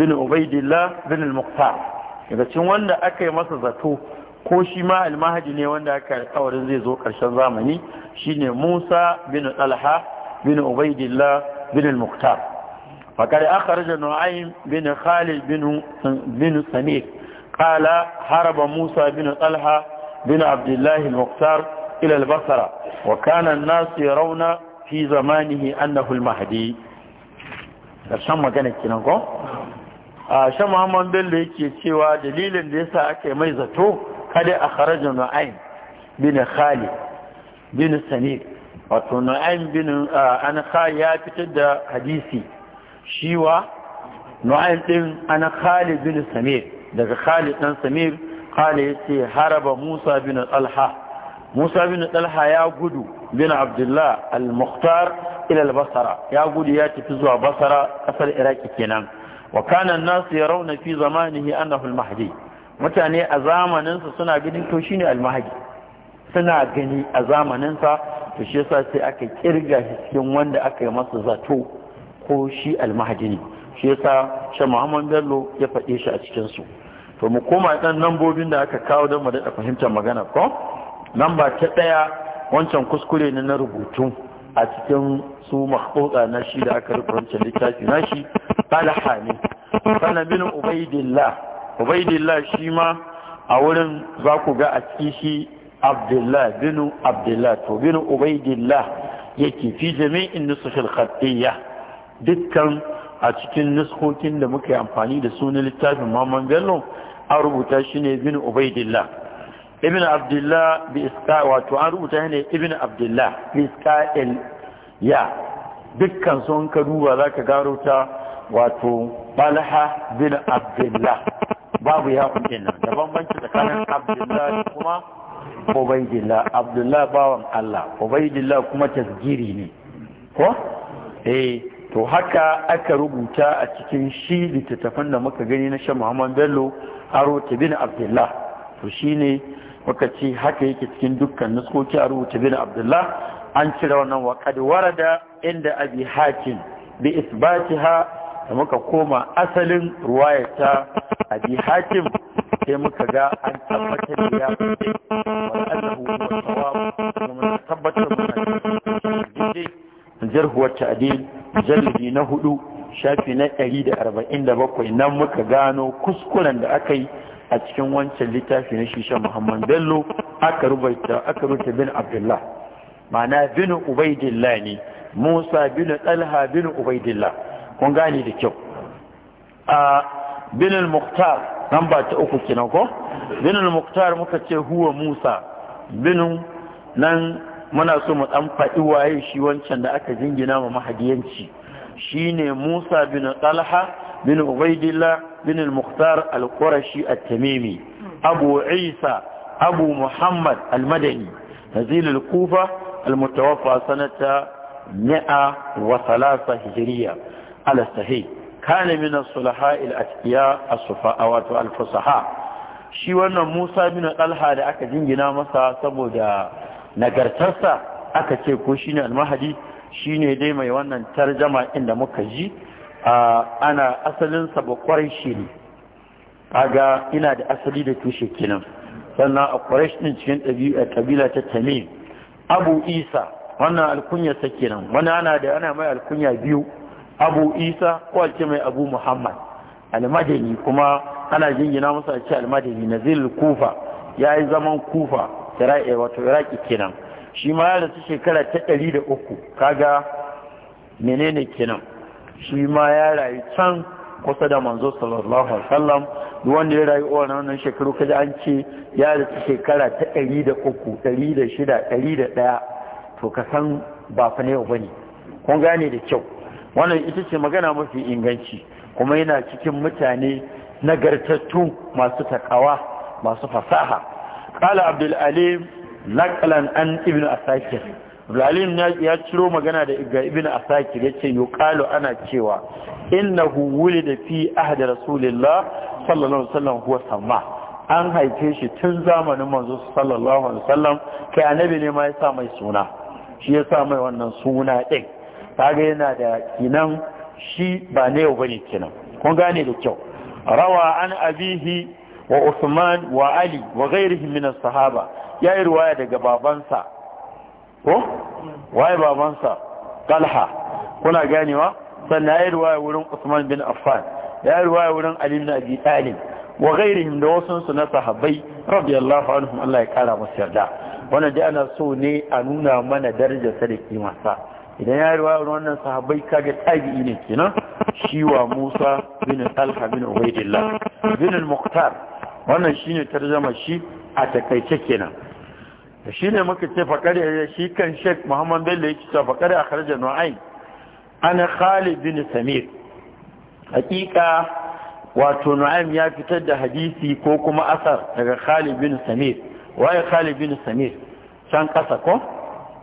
bin Ubaidillah bin al-Muqtar daga cikin wanda aka yi masa zato ko shi ma almahadi ne wanda aka alkawarin zai zo ƙarshen zamani shine Musa bin Talha bin Ubaidillah bin Al-Muqtar fakari akhraja Nu'aym bin Khalid bin bin Samir haraba Musa bin Talha bin Abdullahi, Al-Muqtar ila Al-Basra wa kana an-nas fi zamanihi annahu al-mahdi ƙarshen magana kinan ko a shan Muhammadu bello yake cewa dalilin da yasa aka yi mai zato kada a kharaja nu'aym bin khali bin sanid wato nu'aym bin an ya fitar da hadisi shiwa nu'aym din an khali bin samir daga khali dan Khali ya yace haraba musa bin alha musa bin alha ya gudu bin abdullah al-mukhtar ila Basara, ya gudu ya tafi zuwa Basara kasar iraki kenan wa kana ya nas yarawna fi zamanihi annahu al-mahdi mutane a zamanin sa suna ganin to shine al-mahdi suna gani a zamanin sa to shi yasa sai aka kirga shi cikin wanda aka yi masa zato ko shi al-mahdi ne shi yasa shi Muhammad Bello ya faɗe shi a cikin su to mu koma dan lambobin da aka kawo don mu daɗa fahimtar magana ko lamba ta ɗaya wancan kuskure ne na rubutu a cikin su mahbuta na shi da aka rubuta littafi na shi talha hali sana bin ubaidillah ubaidillah shi ma a wurin za ku ga a ciki shi abdullah bin abdullah to bin ubaidillah yake fi jami'in nusul khatiyya dukkan a cikin nuskokin da muka yi amfani da su na littafin mamman Bello an rubuta shi ne bin Ubaidillah ibn Abdullah bi iska wato an rubuta ne ibn Abdullah bi iska'il ya dukkan sun ka duba za ka garo ta wato balha bin abdullah babu ya kuke nan da bambanci tsakanin abdullah kuma ubaidillah abdullah bawan allah ubaidillah kuma tasgiri ne ko eh to haka aka rubuta a cikin shi littattafan da muka gani na shan muhammad bello aro bin abdullah to shine muka ce haka yake cikin dukkan nuskoki a rubuta bin abdullah an cire wannan wa kad warada inda abi hakim bi isbatiha da muka koma asalin ruwayata abi hakim sai muka ga an tabbatar da ya fice wa annahu huwa sawab kuma tabbatar mana daidai jarh na hudu shafi na 147 nan muka gano kuskuren da aka yi a cikin wancan littafi na shishan Muhammad Bello aka rubuta bin Abdullah ma'ana bin ubaidillah ne musa bin talha bin ubaidillah kun gani da kyau a bin al-muqtar namba ta uku kenan ko bin al-muqtar muka ce huwa musa bin nan muna so mu dan faɗi waye shi wancan da aka jingina ma mahadiyanci shine musa bin talha bin ubaidillah bin al-muqtar al-qurashi at-tamimi abu isa abu muhammad al-madani nazilul kufa المتوفى سنة مئة وثلاثة هجرية على الصحيح كان من الصلحاء الأتقياء wato alfasaha. shi wannan Musa bin Talha da aka jingina masa saboda nagartarsa aka ce ko shine almahadi shine dai mai wannan tarjama inda muka ji ana asalin sa bakwarai shi kaga ina da asali da tushe kenan sannan a Quraysh din cikin ɗabi'a kabila ta Tamim abu isa wannan alkunyarsa kenan wani ana da ana mai alkunya biyu abu isa ko ce mai abu muhammad almadani kuma ana jingina masa ce almadani nazil kufa ya yi zaman kufa wato iraki kenan shi ma ya rasu shekara ta ɗari da uku kaga menene kenan shi ma ya rayu can kusa da manzo sallallahu alaihi wasallam duk wanda ya rayu wannan wannan shekaru kaji an ce ya rasu shekara ta 103 106 101 to ka san ba fa ne bane kun gane da kyau wannan ita ce magana mafi inganci kuma yana cikin mutane nagartattu masu takawa masu fasaha qala abdul alim naqlan an ibnu asakir Zalim ya ciro magana da ga ibn asakir yace yuqalu ana cewa innahu wulida fi ahdi rasulillah sallallahu alaihi wasallam huwa sama. an haife shi tun zamanin manzo sallallahu alaihi wasallam kai annabi ne ma ya sa mai suna shi ya sa mai wannan suna din kaga yana da kinan shi ba ne yau bane kinan kun gane da kyau rawa an abihi wa Usman wa Ali wa ghairihim min as-sahaba yayi riwaya daga babansa ko waye babansa talha kuna ganewa sannan ya yi ruwaya wurin usman bin affan ya yi ruwaya wurin ali bin abi talib wa ghairihim da wasu na sahabbai radiyallahu anhum Allah ya kara musu yarda wannan dai ana so ne a nuna mana darajar sa da kimarsa idan ya ruwa wannan sahabbai kaga tabi'i ne kenan shi wa Musa bin Talha bin Ubaidillah bin al-Muqtar wannan shine tarjama shi a takaice kenan da shi ne muka ce faƙar shi kan shek muhammad bello ya ce cewa faƙar a kharajar nu'ayn ana khalid bin samir hakika wato nu'aym ya fitar da hadisi ko kuma asar daga khalid bin samir waye khalid bin samir can ƙasa ko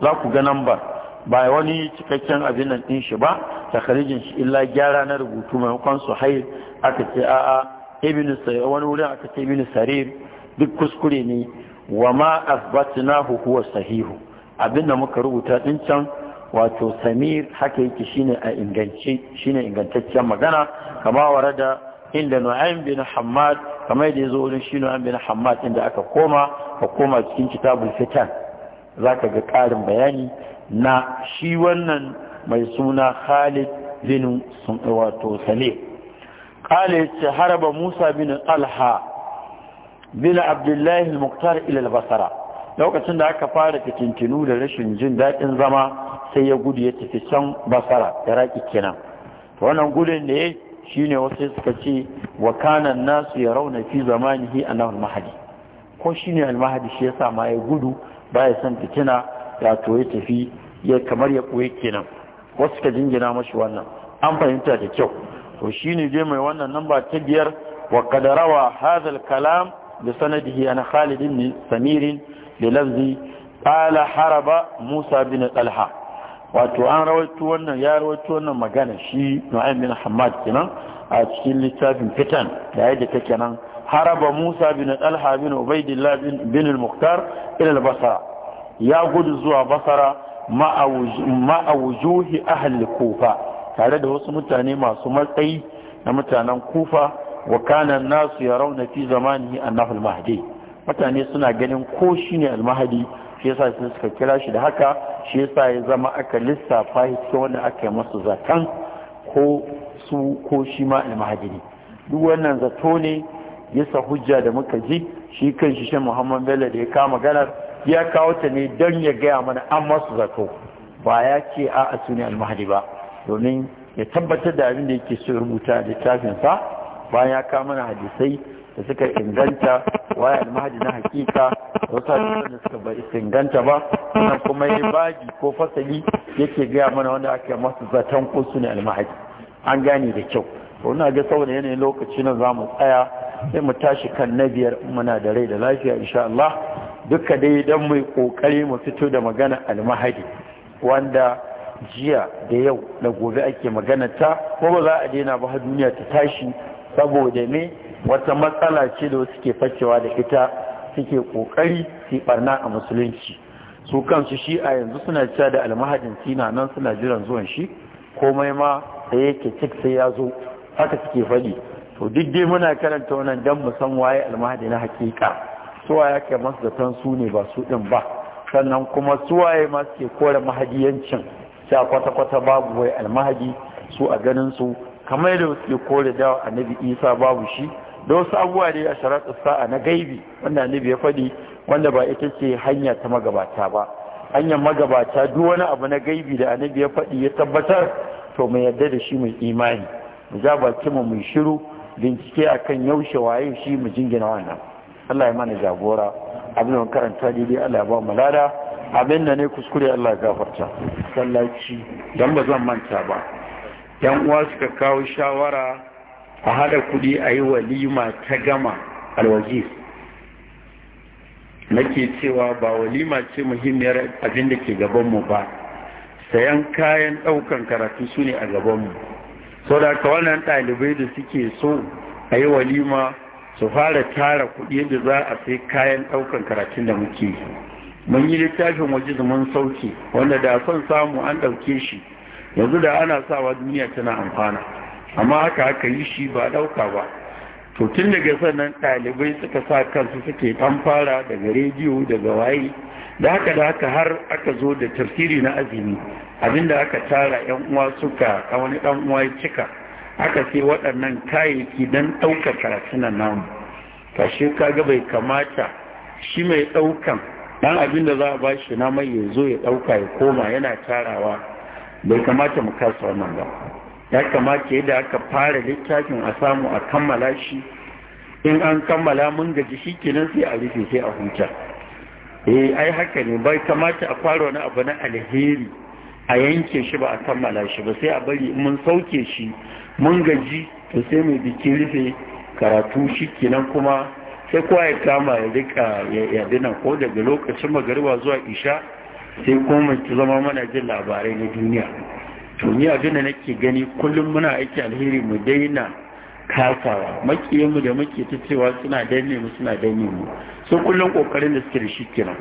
za ku ga nambar ba wani cikakken abin nan ɗin shi ba ta kharijin shi illa gyara na rubutu maimakon su hayr aka ce a'a ibn wani wurin aka ce ibn sarir duk kuskure ne Wama ma asbatnahu huwa sahihu abinda muka rubuta din can wato samir haka yake shine a ingance shine ingantaccen magana kama warada inda nu'aym bin hammad kama yadda yazo wurin shi nu'aym bin hammad inda aka koma ka koma cikin kitabul fitan zaka ga karin bayani na shi wannan mai suna Khalid bin wato Salih qala haraba Musa bin Alha. bin abdullahi muktar ilal basara lokacin da aka fara fitintinu da rashin jin daɗin zama sai ya gudu ya tafi can basara iraki kenan wannan gudun ne ya shine wasu suka ce wa kanan nasu ya rauna fi zamanihi annahu al-mahdi ko shine al-mahdi shi yasa ma ya gudu baya son fitina ya to ya tafi ya kamar ya koye kenan wasu suka jingina mashi wannan an fahimta da kyau to shine dai mai wannan namba ta biyar wa da hadha al-kalam بسنده أنا خالد بن سمير بلفظ قال حرب موسى بن طلحة wato an rawaito wannan ya rawaito wannan magana shi nu'aym bin hamad kenan a cikin littafin fitan da yadda ta kenan. haraba musa bin talha bin ubaidillah bin al-mukhtar ila al-basra ya gudu zuwa basara ma'a wujuhi ahli kufa tare da wasu mutane masu matsayi na mutanen kufa wa kana nasu nasu rauna fi zamanihi annahu al-mahdi mutane suna ganin ko shine al-mahdi shi yasa suka kira shi da haka shi yasa ya zama aka lissafa shi cikin wanda aka yi masa zaton ko su ko shi ma al-mahdi duk wannan zato ne yasa hujja da muka ji shi kan shi shan Muhammad Bello da ya kama ganar ya kawo ta ne don ya gaya mana an masu zato ba ya ce a'a su ne al-mahdi ba domin ya tabbatar da abin da yake so rubuta da littafinsa bayan ya kawo mana hadisai da suka inganta waya almahadi na hakika wasu hadisan da suka ba inganta ba Wannan kuma ya baji ko fasali yake gaya mana wanda aka masu zaton ko ne almahadi an gane da kyau wani ga saboda yanayin lokaci na zamu tsaya sai mu tashi kan na biyar muna da rai da lafiya insha Allah duka dai don mai kokari mu fito da magana almahadi wanda jiya da yau da gobe ake magana ta kuma ba za a daina ba har duniya ta tashi saboda me wata matsala ce da suke facewa da ita suke kokari su barna a musulunci su kansu shi a yanzu suna cewa da almahadin sina nan suna jiran zuwan shi komai ma da yake cik sai ya zo haka suke faɗi to duk dai muna karanta wannan dan mu san waye almahadi na hakika suwa ya kai masu tan su ne ba su din ba sannan kuma suwaye ma suke kore mahadiyancin sha kwata-kwata babu wai almahadi su a ganin su kamar da suke kore da annabi isa babu shi da wasu abubuwa da ya sharatu sa'a na gaibi wanda annabi ya faɗi wanda ba ita ce hanya ta magabata ba hanyar magabata duk wani abu na gaibi da annabi ya faɗi ya tabbatar to mai yarda da shi mai imani mu ja baki mu mai shiru bincike akan yaushe waye shi mu jingina wannan Allah ya mana jagora abin da karanta daidai Allah ya ba mu lada abin da ne kuskure Allah ya gafarta sallaci dan ba zan manta ba yan uwa suka kawo shawara a hada kudi a yi walima ta gama alwajis nake cewa ba walima ce muhimmiyar abin da ke gabanmu ba sayan kayan daukan karatu su ne a gabanmu sau da wannan ɗalibai da suke so a yi walima su fara tara kuɗi da za a sai kayan ɗaukan karatun da muke mun yi littafin waje mun sauke wanda da son samu an ɗauke shi yanzu da ana sawa duniya tana amfana amma haka aka yi shi ba ɗauka ba to tun daga sannan ɗalibai suka sa kansu suke ɗan fara daga rediyo daga waye da haka da haka har aka zo da tafsiri na azumi abinda aka tara yan uwa suka a wani ɗan uwa cika aka sai waɗannan kayayyaki don ɗaukar karatunan namu kashe kaga bai kamata shi mai ɗaukan ɗan abinda za a ba na mai ya zo ya ɗauka ya koma yana tarawa bai kamata mu kasa wannan ba ya kamata yadda aka fara littafin a samu a kammala shi in an kammala mun gaji shi kenan sai a rufe sai a huta eh ai haka ne bai kamata a fara wani abu na alheri a yanke shi ba a kammala shi ba sai a bari in mun sauke shi mun gaji to sai mai biki rufe karatu shi kenan kuma sai kowa ya kama ya rika ya dina ko daga lokacin magariba zuwa isha sai kuma ki zama mana jin labarai na duniya Tuni a abin da nake gani kullum muna aiki alheri mu daina kasawa makiyanmu da muke ta cewa suna danne mu suna danne mu su kullum kokarin da suke da shi kenan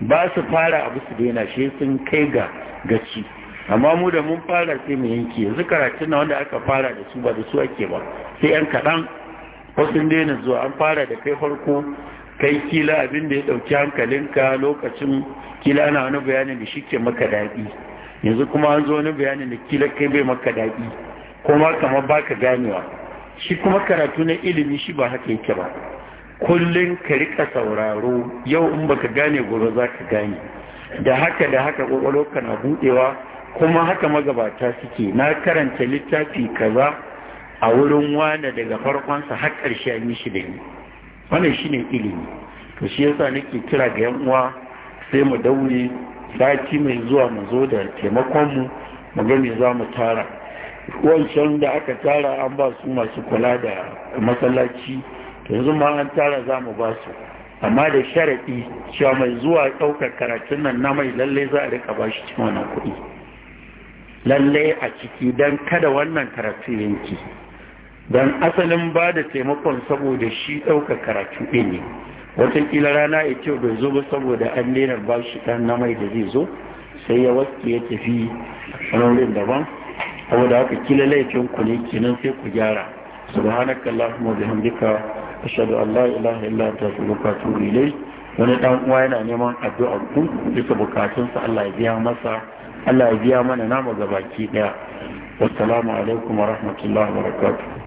ba su fara abu su daina shi sun kai ga gaci amma mu da mun fara sai mu yanke yanzu karatun na wanda aka fara da su ba da su ake ba sai yan kaɗan wasu daina zuwa an fara da kai farko kai kila abin da ya ɗauki hankalinka lokacin kila ana wani bayanin da shi ke maka daɗi yanzu kuma an zo wani bayanin da kila kai bai maka daɗi kuma kamar baka ganewa shi kuma karatu na ilimi shi ba haka yake ba kullum ka rika sauraro yau in baka gane gobe za ka gane da haka da haka ka na buɗewa kuma haka magabata suke na karanta littafi kaza a wurin wane daga farkonsa har ƙarshe an yi shi da ni wannan shine ilimi to shi yasa nake kira ga yan uwa sai mu daure sati mai zuwa mu zo da taimakon mu mu za mu tara wancan da aka tara an ba su masu kula da masallaci yanzu ma an tara za mu ba su amma da sharaɗi cewa mai zuwa ɗaukar karatun nan na mai lallai za a rika ba shi cikin wannan kuɗi lallai a ciki don kada wannan karatu yanki don asalin ba da taimakon saboda shi ɗauka karatu ɗin ne watakila rana ya ce bai zo ba saboda an nena ba shi ɗan na mai da zai zo sai ya wasu ya tafi sanorin daban saboda haka kila laifin ku ne kenan sai ku gyara subhanaka allahumma bihamdika ashhadu an la ilaha illa anta astaghfiruka wa atubu ilayk wani dan uwa yana neman addu'ar ku bisa bukatunsa Allah ya biya masa Allah ya biya mana namu gabaki daya wassalamu alaikum wa rahmatullahi wa barakatuh